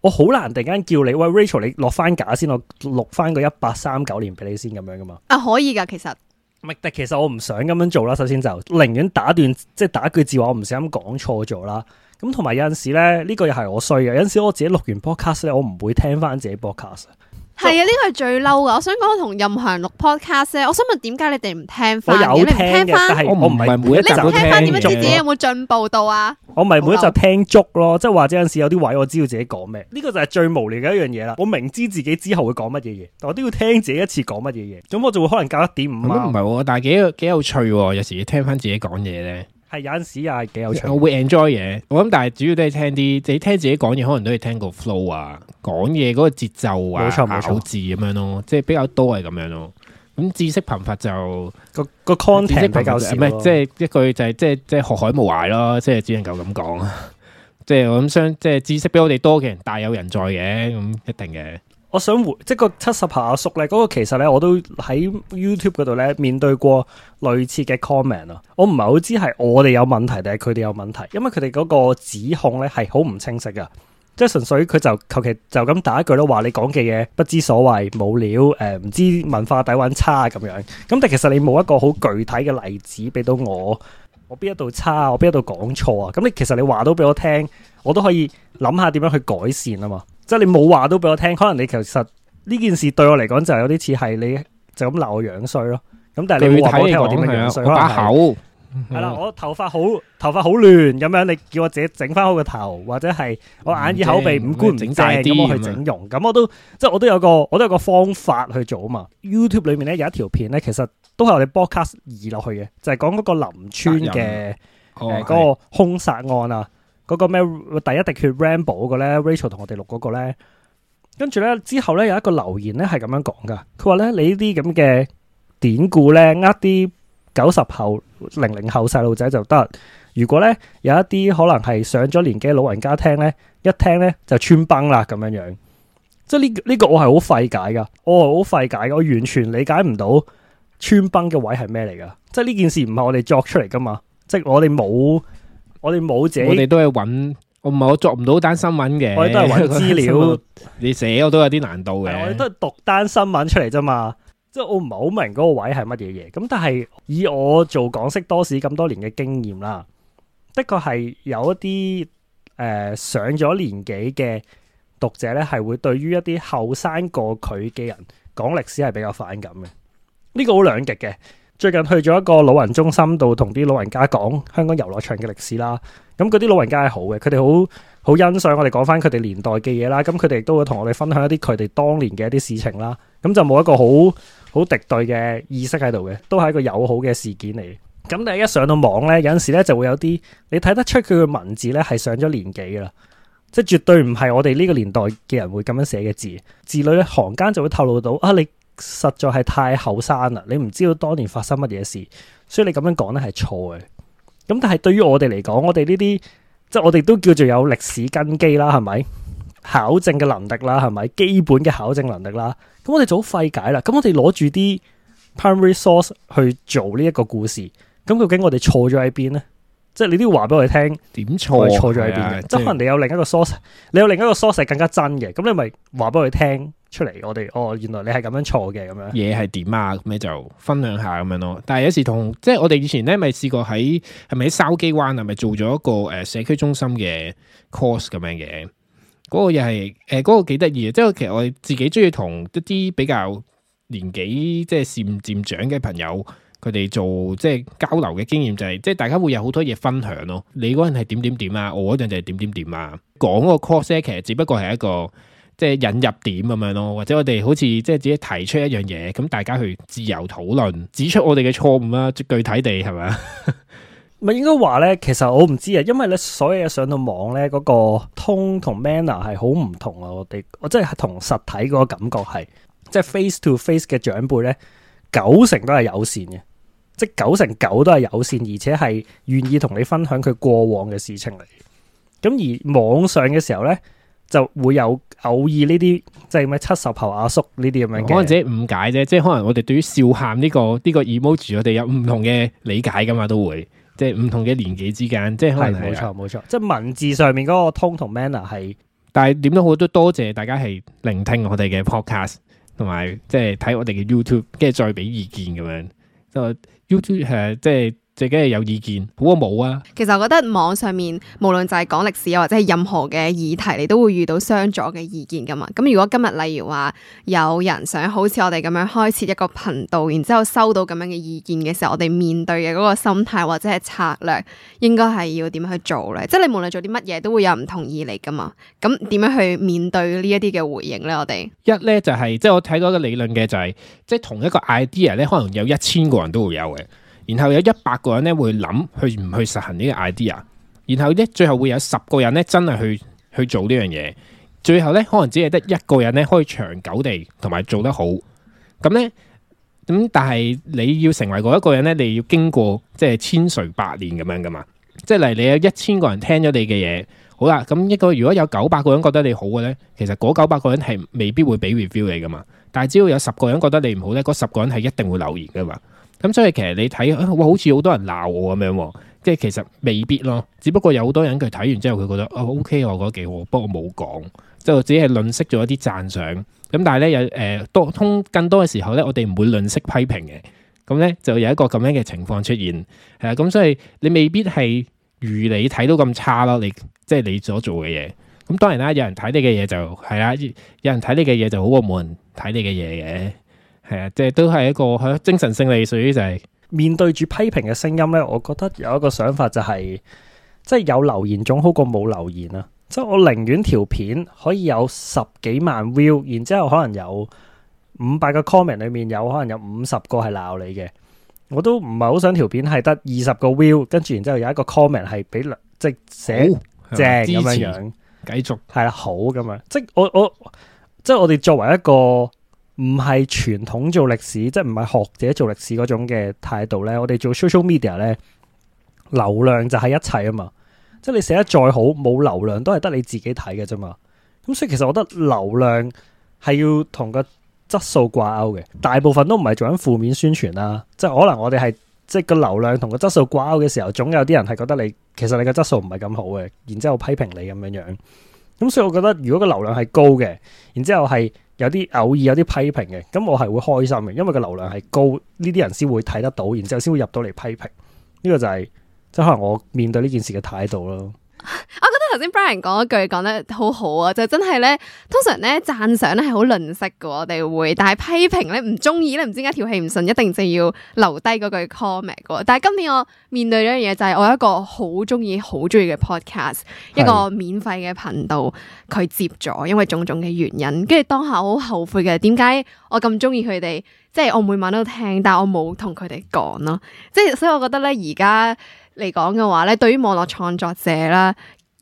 我好難突然間叫你喂 Rachel，你落翻架先，我錄翻個一八三九年俾你先咁樣噶嘛？啊，可以噶，其實其實我唔想咁樣做啦。首先就寧願打斷，即係打句字話，我唔想咁講錯咗啦。咁同埋有陣時咧，呢個又係我衰嘅。有陣時我自己錄完 podcast 咧，我唔會聽翻自己 podcast。係啊，呢、這個係最嬲噶。我想講，我同任何人録 podcast 我想問，點解你哋唔聽翻？我有聽嘅，聽但係我唔係每一集都聽。你聽翻點樣知自己有冇進步到啊？我唔係每一集聽足咯，即係我或者有陣時有啲位我知道自己講咩。呢、這個就係最無聊嘅一樣嘢啦。我明知自己之後會講乜嘢嘢，但我都要聽自己一次講乜嘢嘢。咁我就會可能教一點五啊，唔係、嗯，但係幾幾有趣。有時要聽翻自己講嘢咧。係有陣時啊，幾有趣我。我會 enjoy 嘢。我諗，但係主要都係聽啲，你聽自己講嘢，可能都係聽個 flow 啊，講嘢嗰個節奏啊，冇錯冇錯字咁樣咯，即係比較多係咁樣咯。咁、嗯、知識貧乏就個個 content 比較少，即係一句就係、即係、即係即係學海無涯咯，即係只能夠咁講。 *laughs* 即係我諗相，即係知識比我哋多嘅人，大有人在嘅，咁、嗯、一定嘅。我想回，即係個七十下阿叔咧，嗰、那個其實咧，我都喺 YouTube 嗰度咧面對過類似嘅 comment 啊。我唔係好知係我哋有問題定係佢哋有問題，因為佢哋嗰個指控咧係好唔清晰噶，即係純粹佢就求其就咁打一句都話說你講嘅嘢不知所謂，冇料，誒、呃、唔知文化底蘊差啊咁樣。咁但其實你冇一個好具體嘅例子俾到我，我邊一度差，我邊一度講錯啊。咁你其實你話到俾我聽，我都可以諗下點樣去改善啊嘛。即係你冇話都俾我聽，可能你其實呢件事對我嚟講就有啲似係你就咁鬧我樣衰咯。咁但係你冇話俾我聽我點樣樣衰？可能係把口係啦、嗯，我頭髮好頭髮好亂咁樣，你叫我自己整翻好個頭，或者係我眼耳口鼻五官唔整正咁去整容。咁、嗯、我都即係我都有個我都有個方法去做啊嘛。YouTube 裏面咧有一條片咧，其實都係我哋 broadcast 移落去嘅，就係講嗰個林村嘅嗰個凶殺案啊。嗰個咩第一滴血 Rambo 嘅咧，Rachel 同我哋錄嗰個咧，跟住咧之後咧有一個留言咧係咁樣講噶，佢話咧，你呢啲咁嘅典故咧，呃啲九十後、零零後細路仔就得，如果咧有一啲可能係上咗年紀老人家聽咧，一聽咧就穿崩啦咁樣樣，即係呢呢個我係好費解噶，我係好費解噶，我完全理解唔到穿崩嘅位係咩嚟噶，即係呢件事唔係我哋作出嚟噶嘛，即係我哋冇。我哋冇寫，我哋都係搵，我唔係我作唔到單新聞嘅，我哋都係搵資料。 *laughs* 你寫我都有啲難度嘅，我哋都係讀單新聞出嚟啫嘛，即係我唔係好明嗰個位係乜嘢嘢。咁但係以我做港識多史咁多年嘅經驗啦，的確係有一啲誒、呃、上咗年紀嘅讀者咧，係會對於一啲後生過佢嘅人講歷史係比較反感嘅。呢、這個好兩極嘅。最近去咗一個老人中心度，同啲老人家講香港遊樂場嘅歷史啦。咁嗰啲老人家係好嘅，佢哋好好欣賞我哋講翻佢哋年代嘅嘢啦。咁佢哋都會同我哋分享一啲佢哋當年嘅一啲事情啦。咁就冇一個好好敵對嘅意識喺度嘅，都係一個友好嘅事件嚟。咁但係一上到網呢，有陣時呢就會有啲你睇得出佢嘅文字呢係上咗年紀㗎喇，即係絕對唔係我哋呢個年代嘅人會咁樣寫嘅字。字裏行間就會透露到啊你。實在係太後生啦，你唔知道當年發生乜嘢事，所以你咁樣講咧係錯嘅。咁但係對於我哋嚟講，我哋呢啲即係我哋都叫做有歷史根基啦，係咪？考證嘅能力啦，係咪？基本嘅考證能力啦，咁我哋就好費解啦。咁我哋攞住啲 primary source 去做呢一個故事，咁究竟我哋錯咗喺邊呢？即係你都要話俾我哋聽，點錯、啊？錯咗喺邊嘅？即可能你有另一個 source，你有另一個 source 更加真嘅，咁你咪話俾我哋聽。出嚟，我哋哦，原來你係咁樣錯嘅，咁樣嘢係點啊？咁你就分享下咁樣咯。但係有時同即係我哋以前咧，咪試過喺係咪喺筲箕灣啊？係咪做咗一個誒社區中心嘅 course 咁樣嘅。嗰個又係誒，嗰、呃嗰個幾得意嘅。即係其實我哋自己中意同一啲比較年紀即係漸漸長嘅朋友，佢哋做即係交流嘅經驗就係，即係大家會有好多嘢分享咯。你嗰陣係點點點啊？我嗰陣就係點點點啊！講個 course 其實只不過係一個。即係引入點咁樣咯，或者我哋好似即係自己提出一樣嘢，咁大家去自由討論，指出我哋嘅錯誤啦，具體地係咪？咪 *laughs* 應該話咧，其實我唔知啊，因為咧所有上到網咧，嗰、那個 tone 同 manner 係好唔同啊！我哋我真係同實體嗰個感覺係，即、就、係、是、face to face 嘅長輩咧，九成都係友善嘅，即係九成九都係友善，而且係願意同你分享佢過往嘅事情嚟。咁而網上嘅時候咧。就會有偶爾呢啲即係咩七十頭阿叔呢啲咁樣講，可能自己誤解啫。即係可能我哋對於笑喊呢個呢個 emoji，我哋有唔同嘅理解噶嘛，都會即係唔同嘅年紀之間，即係可能冇錯冇錯。即係文字上面嗰個 tone 同 manner 係，但係點都好，多多謝大家係聆聽我哋嘅 podcast，同埋即係睇我哋嘅 YouTube，跟住再俾意見咁樣。即 YouTube 誒，即係。自己梗係有意見，好啊冇啊！其實我覺得網上面無論就係講歷史或者係任何嘅議題，你都會遇到相左嘅意見噶嘛。咁如果今日例如話有人想好似我哋咁樣開設一個頻道，然之後收到咁樣嘅意見嘅時候，我哋面對嘅嗰個心態或者係策略，應該係要點樣去做咧？即係你無論做啲乜嘢，都會有唔同意嚟噶嘛。咁點樣去面對呢一啲嘅回應咧？我哋一咧就係即係我睇到一個理論嘅就係，即係、就是、同一個 idea 咧，可能有一千個人都會有嘅。然後有一百個人咧會諗去唔去實行呢個 idea，然後咧最後會有十個人咧真係去去做呢樣嘢，最後咧可能只係得一個人咧可以長久地同埋做得好，咁咧咁但係你要成為嗰一個人咧，你要經過即係千錘百煉咁樣噶嘛，即係例如你有一千個人聽咗你嘅嘢，好啦，咁一個如果有九百個人覺得你好嘅咧，其實嗰九百個人係未必會俾 review 你噶嘛，但係只要有十個人覺得你唔好咧，嗰十個人係一定會留言噶嘛。咁所以其實你睇，哇，好似好多人鬧我咁樣喎，即係其實未必咯，只不過有好多人佢睇完之後佢覺得啊、哦、OK 我覺得幾好，不過我冇講，就只係論識咗一啲讚賞。咁但係咧有誒多通更多嘅時候咧，我哋唔會論識批評嘅。咁咧就有一個咁樣嘅情況出現，係啊。咁所以你未必係如你睇到咁差咯，你即係、就是、你所做嘅嘢。咁當然啦，有人睇你嘅嘢就係啦，有人睇你嘅嘢就好過冇人睇你嘅嘢嘅。係啊，即係都係一個係精神勝利、就是，屬於就係面對住批評嘅聲音咧。我覺得有一個想法就係、是，即係有留言總好過冇留言啊！即係我寧願條片可以有十幾萬 view，然之後可能有五百個 comment，裏面有可能有五十個係鬧你嘅。我都唔係好想條片係得二十個 view，跟住然之後有一個 comment 係俾即寫正咁、哦、樣樣，繼續係啦，好咁樣。即係我我即係我哋作為一個。唔係傳統做歷史，即係唔係學者做歷史嗰種嘅態度，我呢，我哋做 social media 呢，流量就係一切啊嘛！即係你寫得再好，冇流量都係得你自己睇嘅啫嘛。咁所以其實我覺得流量係要同個質素掛鈎嘅。大部分都唔係做緊負面宣傳啦，即係可能我哋係即係個流量同個質素掛鈎嘅時候，總有啲人係覺得你其實你個質素唔係咁好嘅，然之後批評你咁樣樣。咁所以我覺得如果個流量係高嘅，然之後係。有啲偶爾有啲批評嘅，咁我係會開心嘅，因為個流量係高，呢啲人先會睇得到，然之後先會入到嚟批評，呢、這個就係即係可能我面對呢件事嘅態度咯。 *laughs* 頭先 Brian 講一句講得好好啊，就真係咧，通常咧讚賞咧係好吝嗇噶，我哋會，但係批評咧唔中意咧，唔知點解條氣唔順，一定就要留低嗰句 comment 噶。但係今年我面對咗樣嘢，就係我有一個好中意、好中意嘅 podcast，是一個免費嘅頻道，佢接咗，因為種種嘅原因，跟住當下我好後悔嘅，點解我咁中意佢哋，即係我每晚都聽，但係我冇同佢哋講咯。即係所以我覺得咧，而家嚟講嘅話咧，對於網絡創作者啦。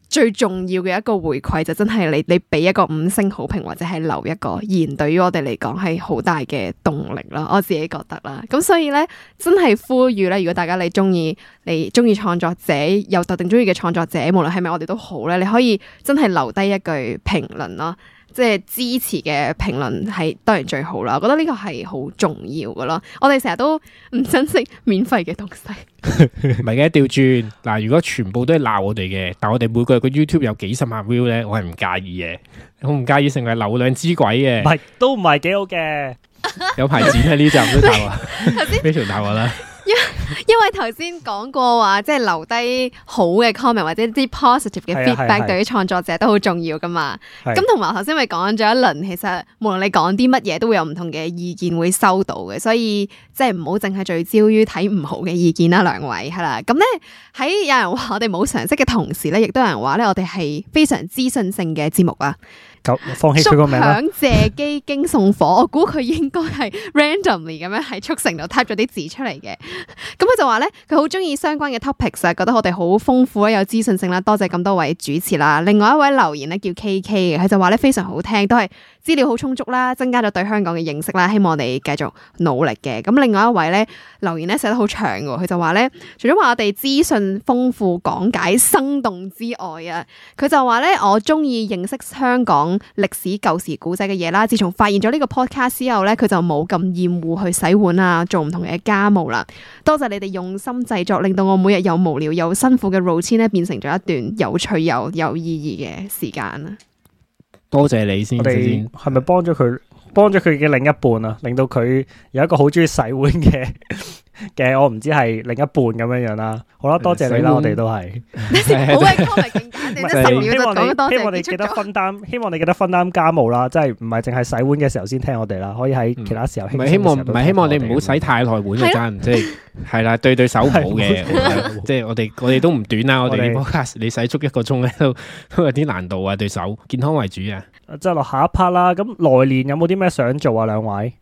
最重要嘅一個回饋就真係你你俾一個五星好評或者係留一個言，然對於我哋嚟講係好大嘅動力咯，我自己覺得啦。咁所以咧，真係呼籲咧，如果大家你中意你中意創作者，有特定中意嘅創作者，無論係咪我哋都好咧，你可以真係留低一句評論咯。即係支持嘅評論係當然最好啦，我覺得呢個係好重要嘅。咯我哋成日都唔珍惜免費嘅東西，唔係嘅掉轉嗱。如果全部都係鬧我哋嘅，但我哋每個月個 YouTube 有幾十萬 view 咧，我係唔介意嘅。我唔介意成為流量之鬼嘅，係都唔係幾好嘅。有牌子喺呢站都大話，非常大話啦。因 *laughs* 因為頭先講過話，即係留低好嘅 comment 或者啲 positive 嘅 feedback，對於對創作者都好重要噶嘛。咁同埋頭先咪講咗一輪，其實無論你講啲乜嘢，都會有唔同嘅意見會收到嘅，所以即係唔好淨係聚焦於睇唔好嘅意見啦。兩位係啦，咁咧喺有人話我哋冇常識嘅同時咧，亦都有人話咧我哋係非常資訊性嘅節目呀。縮響借機經送火， *laughs* 我估佢應該係 randomly 咁樣喺速成度 type 咗啲字出嚟嘅。咁 *laughs* 佢就話咧，佢好中意相關嘅 topic 就係覺得我哋好豐富啦，有資訊性啦，多謝咁多位主持啦。另外一位留言咧叫 KK，嘅，佢就話咧非常好聽，都係。資料好充足啦，增加咗對香港嘅認識啦，希望我哋繼續努力嘅。咁另外一位咧留言咧寫得好長嘅，佢就話咧，除咗話我哋資訊豐富、講解生動之外啊，佢就話咧，我中意認識香港歷史舊時古仔嘅嘢啦。自從發現咗呢個 podcast 之後咧，佢就冇咁厭惡去洗碗啊、做唔同嘅家務啦。多謝你哋用心製作，令到我每日又無聊又辛苦嘅 routine 咧，變成咗一段有趣又有，有意義嘅時間啊！多謝你先，我哋係咪幫咗佢，幫咗佢嘅另一半啊，令到佢有一個好中意洗碗嘅。 *laughs* 嘅，我唔知係另一半咁樣樣啦。好啦，多謝你啦，碗我哋都係。你食好嘅多，希望你記得分擔，希望你記得分擔家務啦。即係唔係淨係洗碗嘅時候先聽我哋啦，可以喺其他時候聽我哋。唔係、嗯嗯、希望，唔係希望你唔好洗太耐碗啊，真。即係係啦，對對，對手好嘅，即係 *laughs* *laughs* 我哋我哋都唔短啦。我哋你 f 你洗足一個鐘咧都都有啲難度啊。對手健康為主啊。啊，即係落下一 part 啦。咁來年有冇啲咩想做啊？兩位？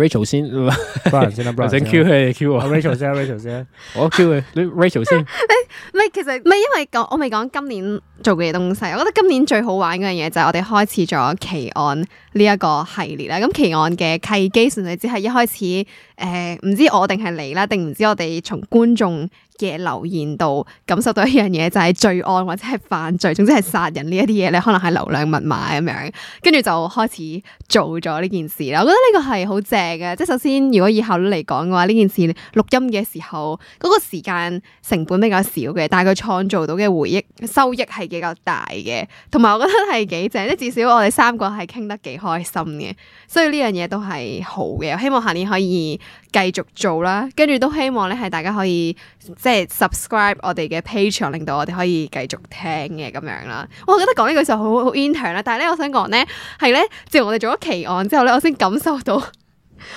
Rachel 先，Brian 先啦，不如先 Q 係 Q Rachel 先，Rachel 先，我 Q 佢，你 Rachel 先，你唔係其實唔係因為講我未講今年做嘅東西，我覺得今年最好玩嗰樣嘢就係我哋開始咗奇案呢一個系列啦。咁奇案嘅契機純粹只係一開始。誒唔、呃、知我定係你啦，定唔知我哋從觀眾嘅留言度感受到一樣嘢，就係罪案或者係犯罪，總之係殺人呢一啲嘢咧，可能係流量密碼咁樣，跟住就開始做咗呢件事啦。我覺得呢個係好正嘅，即係首先如果以效率嚟講嘅話，呢件事錄音嘅時候嗰、那個時間成本比較少嘅，但係佢創造到嘅回憶收益係比較大嘅，同埋我覺得係幾正，即至少我哋三個係傾得幾開心嘅，所以呢樣嘢都係好嘅。希望下年可以，繼續做啦，跟住都希望咧，係大家可以即係 subscribe 我哋嘅 page，令到我哋可以繼續聽嘅咁樣啦。我覺得講呢句時候好好 intern 啦，但係咧，我想講咧，係咧，自從我哋做咗奇案之後咧，我先感受到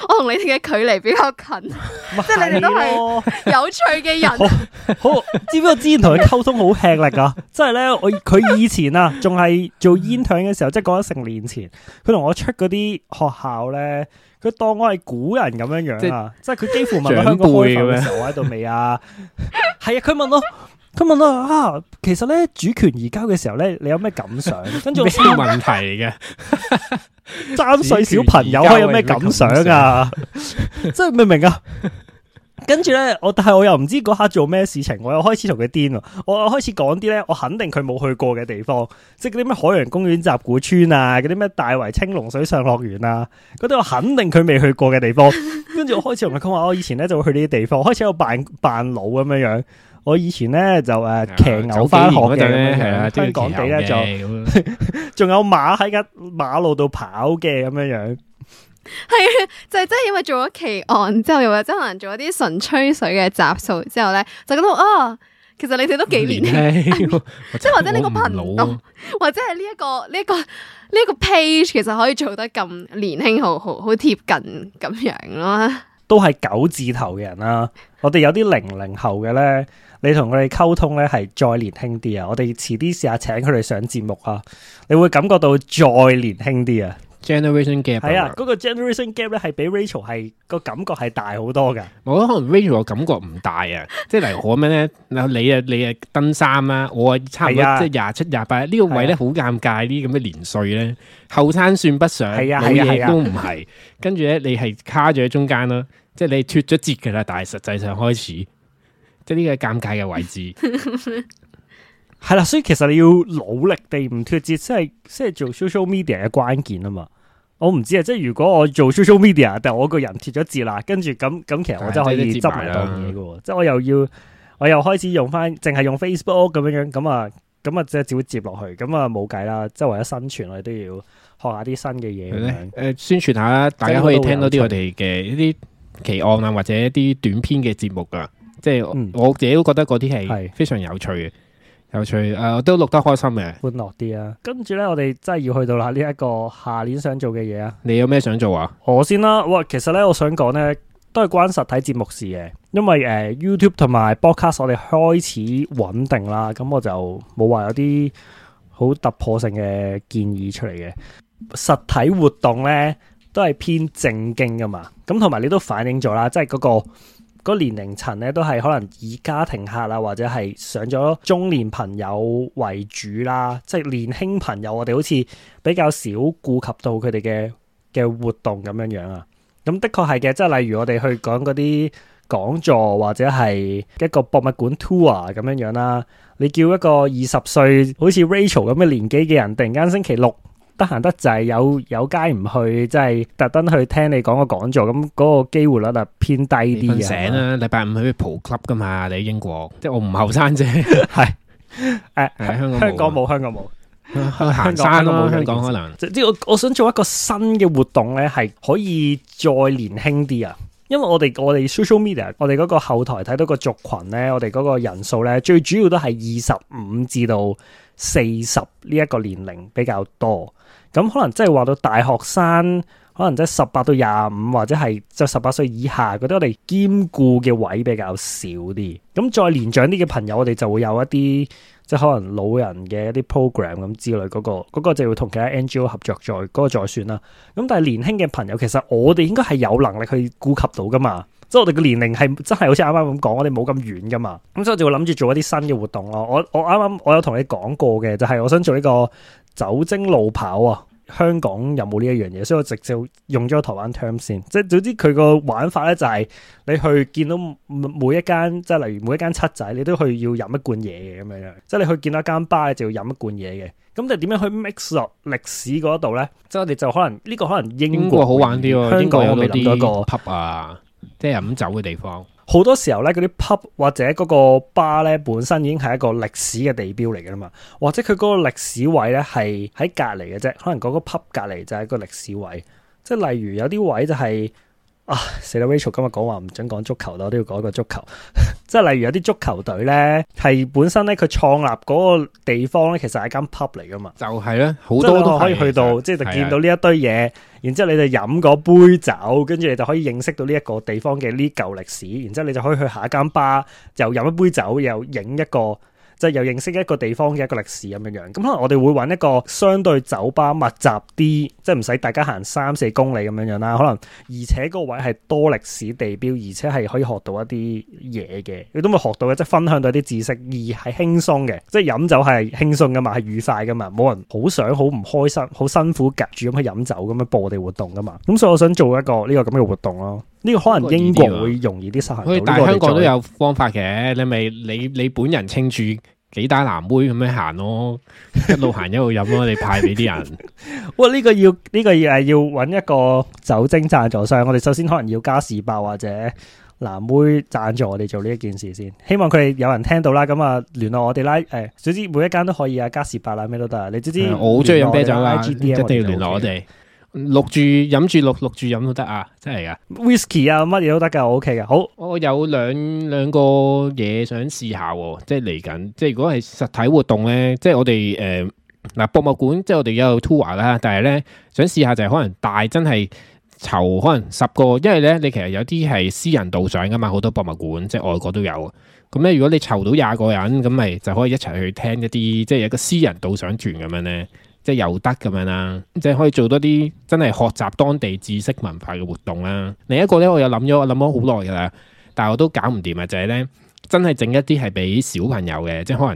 我同你哋嘅距離比較近，即係你哋都係有趣嘅人 *laughs* 好。好，知唔知我之前同佢溝通好吃力啊，即係咧，我佢以前啊，仲係做 intern 嘅時候，即係講咗成年前，佢同我出嗰啲學校咧。佢當我係古人咁樣樣啊！即係佢幾乎問到香港開嘅時候，我喺度未啊？係啊！佢 *laughs* 問我，佢問我啊，其實咧主權移交嘅時候咧，你有咩感想？跟住我咩問題嚟嘅？三歲小朋友啊，有咩感想啊？即係明唔明啊？跟住咧，我但係我又唔知嗰刻做咩事情，我又開始同佢癲啊，啊我 *laughs* 我我！我開始講啲咧，我肯定佢冇去過嘅地方，即係啲咩海洋公園、集古村啊，嗰啲咩大圍青龍水上樂園啊，嗰啲我肯定佢未去過嘅地方。跟住我開始同佢講話，我以前咧就會去呢啲地方。開始喺度扮扮老咁樣樣，我以前咧就誒騎牛返學嘅，香港地咧就仲有馬喺個馬路度跑嘅咁樣樣。係啊，就係真係因為做咗奇案之後，又或者可能做咗啲純吹水嘅集數之後咧，就覺得啊、哦，其實你哋都幾年輕，即係 *laughs* 真的 或者呢個頻道，啊、或者係呢一個呢、這個呢、這個 page，其實可以做得咁年輕，好好好貼近咁樣咯。 *laughs* 都係九字頭嘅人啦、啊，我哋有啲零零後嘅咧，你同佢哋溝通咧係再年輕啲啊！我哋遲啲試下請佢哋上節目啊，你會感覺到再年輕啲啊！generation gap 係啊，嗰個 generation gap 咧係比 Rachel 係個感覺係大好多嘅，啊。 *laughs* 我覺得可能 Rachel 個感覺唔大啊，即係例如我咩樣咧你啊你啊登山啦，我啊差唔多即係廿七廿八，呢個位咧好尷尬是的 呢。咁嘅年歲咧，後生算不上，是的 老嘢都唔係，跟住咧你係卡住喺中間啦，即係 *laughs* 你脫咗節噶啦，但係實際上開始，即係呢個尷尬嘅位置係啦。所以其實你要努力地唔脫節，先係即係做 social media 嘅關鍵啊嘛。我唔知啊，即係如果我做 social media，但係我個人貼咗字啦，跟住咁咁，其實我真係可以執埋當嘢嘅，即係、嗯、我又要，我又開始用翻，淨係用 Facebook 咁樣樣，咁啊，咁啊，即係照接落去，咁啊冇計啦，即係為咗生存，我哋都要學下啲新嘅嘢。誒、呃，宣傳下大家可以聽到啲我哋嘅一啲奇案啊，或者一啲短篇嘅節目噶，即係我、嗯、我自己都覺得嗰啲係非常有趣嘅。有趣誒，我、呃、都錄得開心嘅，歡樂啲啊！跟住呢，我哋真係要去到啦呢一個下年想做嘅嘢啊！你有咩想做啊？我先啦，哇！其實呢，我想講呢，都係關實體節目的事嘅，因為誒、呃、YouTube 同埋 Podcast 我哋開始穩定啦，咁我就冇話有啲好突破性嘅建議出嚟嘅。實體活動呢，都係偏正經噶嘛，咁同埋你都反映咗啦，即係嗰個。個年齡層咧，都係可能以家庭客啊，或者係上咗中年朋友為主啦。即係年輕朋友，我哋好似比較少顧及到佢哋嘅嘅活動咁樣樣啊。咁的確係嘅，即係例如我哋去講嗰啲講座或者係一個博物館 tour 咁樣樣啦。你叫一個二十歲好似 Rachel 咁嘅年紀嘅人，突然間星期六。得閒得就係有有街唔去，即係特登去聽你講個講座。咁嗰個機會率啊偏低啲嘅。瞓醒啦，禮拜五去蒲 club 噶嘛？你喺英國，即係我唔後生啫。係，誒，喺香港冇，啊、香港冇，香港冇，行山都、啊、冇。香港，香港可能即係我我想做一個新嘅活動咧，係可以再年輕啲啊！因為我哋我哋 social media，我哋嗰個後台睇到個族群咧，我哋嗰個人數咧，最主要都係二十五至到四十呢一個年齡比較多。咁可能即係話到大學生，可能即係十八到廿五或者係即係十八歲以下，覺得我哋兼顧嘅位比較少啲。咁再年長啲嘅朋友，我哋就會有一啲即係可能老人嘅一啲 program 咁之類嗰個，嗰個就要同其他 NGO 合作再嗰個再算啦。咁但係年輕嘅朋友，其實我哋應該係有能力去顧及到噶嘛。即係我哋嘅年齡係真係好似啱啱咁講，我哋冇咁遠噶嘛。咁所以我就諗住做一啲新嘅活動咯。我我啱啱我有同你講過嘅，就係我想做呢個。酒精路跑啊！香港有冇呢一樣嘢？所以我直接用咗台灣 term 先，即係總之佢個玩法咧就係你去見到每一間，即係例如每一間七仔，你都去要飲一罐嘢嘅咁樣。即係你去見到一間 bar 就要飲一罐嘢嘅。咁就點樣去 mix 落歷史嗰度咧？即係我哋就可能呢、呢個可能英國，英國好玩啲喎、啊，我未諗到一個英國有冇啲 pub 啊，即係飲酒嘅地方？好多時候咧，嗰啲 pub 或者嗰個 bar 咧，本身已經係一個歷史嘅地標嚟嘅啦嘛，或者佢嗰個歷史位咧係喺隔離嘅啫，可能嗰個 pub 隔離就係一個歷史位，即係例如有啲位就係、是。啊！死啦 Rachel 今日講話唔准講足球咯，我都要講一個足球。即 *laughs* 係例如有啲足球隊咧，係本身咧佢創立嗰個地方咧，其實係間 pub 嚟噶嘛。就係咧，好多都可以去到，即係就見到呢一堆嘢，就是、然之後你就飲嗰杯酒，跟住的你就可以認識到呢一個地方嘅呢舊歷史。然之後你就可以去下一間吧，又飲一杯酒，又影一個。即係又認識一個地方嘅一個歷史咁樣樣，咁可能我哋會揾一個相對酒吧密集啲，即係唔使大家行三四公里咁樣樣啦。可能而且個位係多歷史地標，而且係可以學到一啲嘢嘅，你都會學到嘅，即係分享到一啲知識。二係輕鬆嘅，即係飲酒係輕鬆噶嘛，係愉快噶嘛，冇人好想好唔開心，好辛苦夾住咁去飲酒咁樣播地活動噶嘛。咁所以我想做一個呢個咁嘅活動咯。呢個可能英國會容易啲實行，但係香港都有方法嘅。你咪你你本人傾注。幾打藍妹咁樣行咯， *laughs* 一路行一路飲咯。 *laughs* 你派俾啲人， *laughs* 哇！呢、這個要呢、這個又係要揾一個酒精贊助商。我哋首先可能要加士伯或者藍妹贊助我哋做呢一件事先。希望佢哋有人聽到啦，咁啊聯絡我哋啦。誒，總之每一間都可以啊，加士伯啊，咩都得。你知唔知？我好中意飲啤酒，一定要聯絡我哋。 *laughs* 錄住飲住錄錄住飲都得啊，真係啊。whisky 啊，乜嘢都得噶，O K 噶。好，我有兩兩個嘢想試下啊，即係嚟緊。即係如果係實體活動咧，即係我哋誒嗱博物館，即係我哋有 tour 啦。但係咧想試下就係可能大，真係籌可能十個，因為咧你其實有啲係私人導賞噶嘛，好多博物館即係外國都有。咁咧如果你籌到廿個人，咁咪就，就可以一齊去聽一啲即係有個私人導賞團咁樣咧。即係遊得咁樣啦，即係可以做多啲真係學習當地知識文化嘅活動啦。另一個呢，我又諗咗，我諗咗好耐噶啦，但係我都搞唔掂啊！就係呢，真係整一啲係俾小朋友嘅，即係可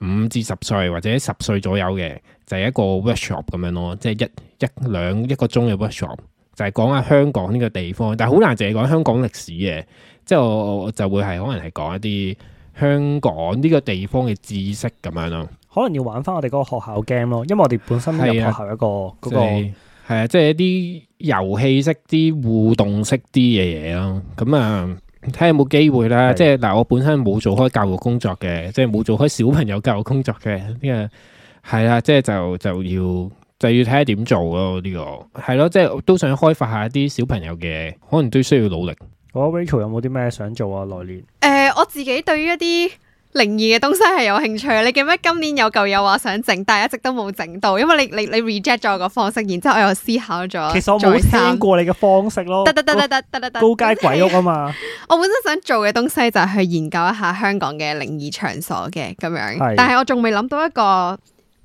能五至十歲或者十歲左右嘅，就係一個 workshop 咁樣咯，即係一一兩一個鐘嘅 workshop，就係講下香港呢個地方，但係好難淨係講香港歷史嘅，即係我，我就會係可能係講一啲香港呢個地方嘅知識咁樣咯。可能要玩翻我哋嗰個學校 game 咯，因為我哋本身入學校一個嗰、嗰個係啊，即係一啲遊戲式、啲互動式啲嘅嘢咯。咁啊，睇下有冇機會的啦。即係嗱，我本身冇做開教育工作嘅，即係冇做開小朋友教育工作嘅呢個係啦。即係就就要就要睇下點做咯呢、呢個係咯，即係都想開發一下一啲小朋友嘅，可能都需要努力。哦、Rachel 有冇啲咩想做啊？嚟年，誒，我自己對於一啲。靈異嘅東西係有興趣，你記唔記得今年有舊友話想整，但係一直都冇整到，因為你你你 reject 咗我個方式，然之後我又思考咗。其實我冇聽過你嘅方式咯。得得得得得得得。高街鬼屋啊嘛！我本身想做嘅東西就係去研究一下香港嘅靈異場所嘅咁樣，是的 但係我仲未諗到一個。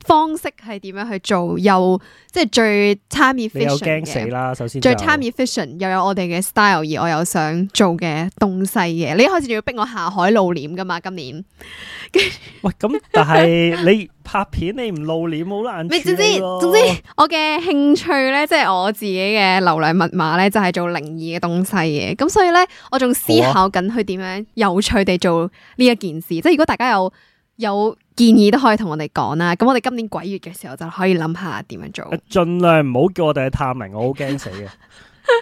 方式係點樣去做？又即係最 time efficient 嘅。你又驚死啦！首先最 time efficient 又有我哋嘅 style，而我又想做嘅東西嘅。你一開始仲要逼我下海露臉噶嘛？今年。 *laughs* 喂，咁但係你拍片 *laughs* 你唔露臉好難總，總之總之我嘅興趣咧，即係我自己嘅流量密碼咧，就係做靈異嘅東西嘅。咁所以咧，我仲思考緊去點樣有趣地做呢一件事。啊、即係如果大家有。有建議都可以同我哋講啦，咁我哋今年鬼月嘅時候就可以諗下點樣做。盡量唔好叫我哋去探明，我好驚死嘅。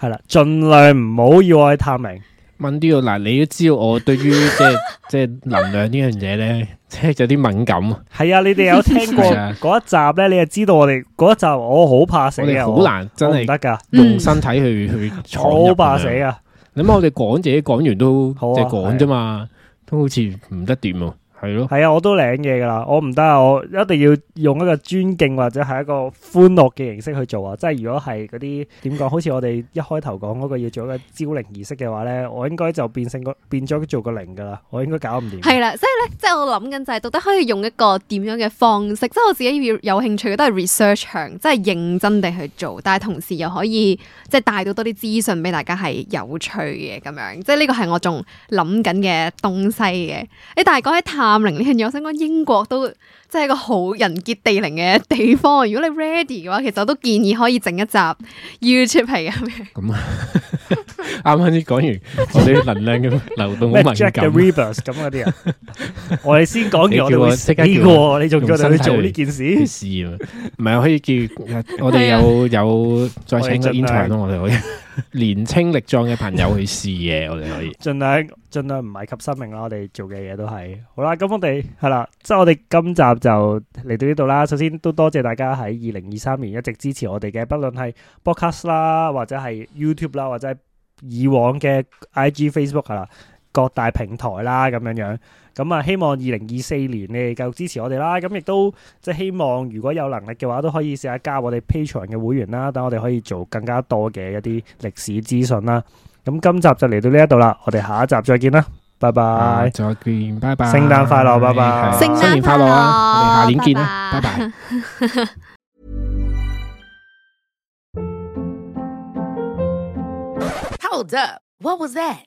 係啦， *laughs* 盡量唔好要我去探明。問啲啊，嗱，你都知道我對於即係即係能量呢樣嘢咧，即係有啲敏感啊。係啊，你哋有聽過嗰一集咧， *laughs* 你就知道我哋嗰一集我好怕死啊，好 *laughs* 我難真係唔得噶，用身體去、嗯、去好怕死啊。咁我哋講自己講完都即係講啫嘛，都 *laughs* 好似唔得掂。係咯，係啊， *noise* 我都領嘢噶啦，我唔得啊，我一定要用一個尊敬或者係一個歡樂嘅形式去做啊，即係如果係嗰啲點講，好似我哋一開頭講嗰個要做一個招靈儀式嘅話咧，我應該就變成個變咗做個靈噶啦，我應該搞唔掂。係啦， *noise* 所以咧，即係我諗緊就係，到底可以用一個點樣嘅方式，即係我自己要有興趣，都係 research 長、er,，即係認真地去做，但係同時又可以即係帶到多啲資訊俾大家係有趣嘅咁樣，即係呢個係我仲諗緊嘅東西嘅。你但係講起探三零呢？我想講英國都。即係個好人傑地靈嘅地方。如果你 ready 嘅話，其實我都建議可以整一集 YouTube 係咁嘅。咁啱啱先講完我哋能量嘅流動嘅文化。Make Jack the Rivers 咁嗰啲啊！我哋先講嘅，我哋會呢個你仲要去做呢件事試啊？唔係可以叫我哋有有再請個 intern 咯，我哋可以年輕力壯嘅朋友去試嘅，我哋可以盡量盡量唔係及生命啦。我哋做嘅嘢都係好啦。咁我哋係啦，即係我哋今集。就嚟到呢度啦，首先都多謝大家喺二零二三年一直支持我哋嘅，不論係 Podcast 啦，或者係 YouTube 啦，或者係以往嘅 IG、Facebook 啊，各大平台啦咁樣樣。咁啊，希望二零二四年你哋繼續支持我哋啦。咁亦都即係希望如果有能力嘅話，都可以試下加我哋 Patreon 嘅會員啦，等我哋可以做更加多嘅一啲歷史資訊啦。咁今集就嚟到呢一度啦，我哋下一集再見啦。拜拜、嗯，再見，拜拜，聖誕快樂，拜拜，拜拜，新年快樂啊！拜拜，我哋下年見啦，拜拜。Hold up！What was that？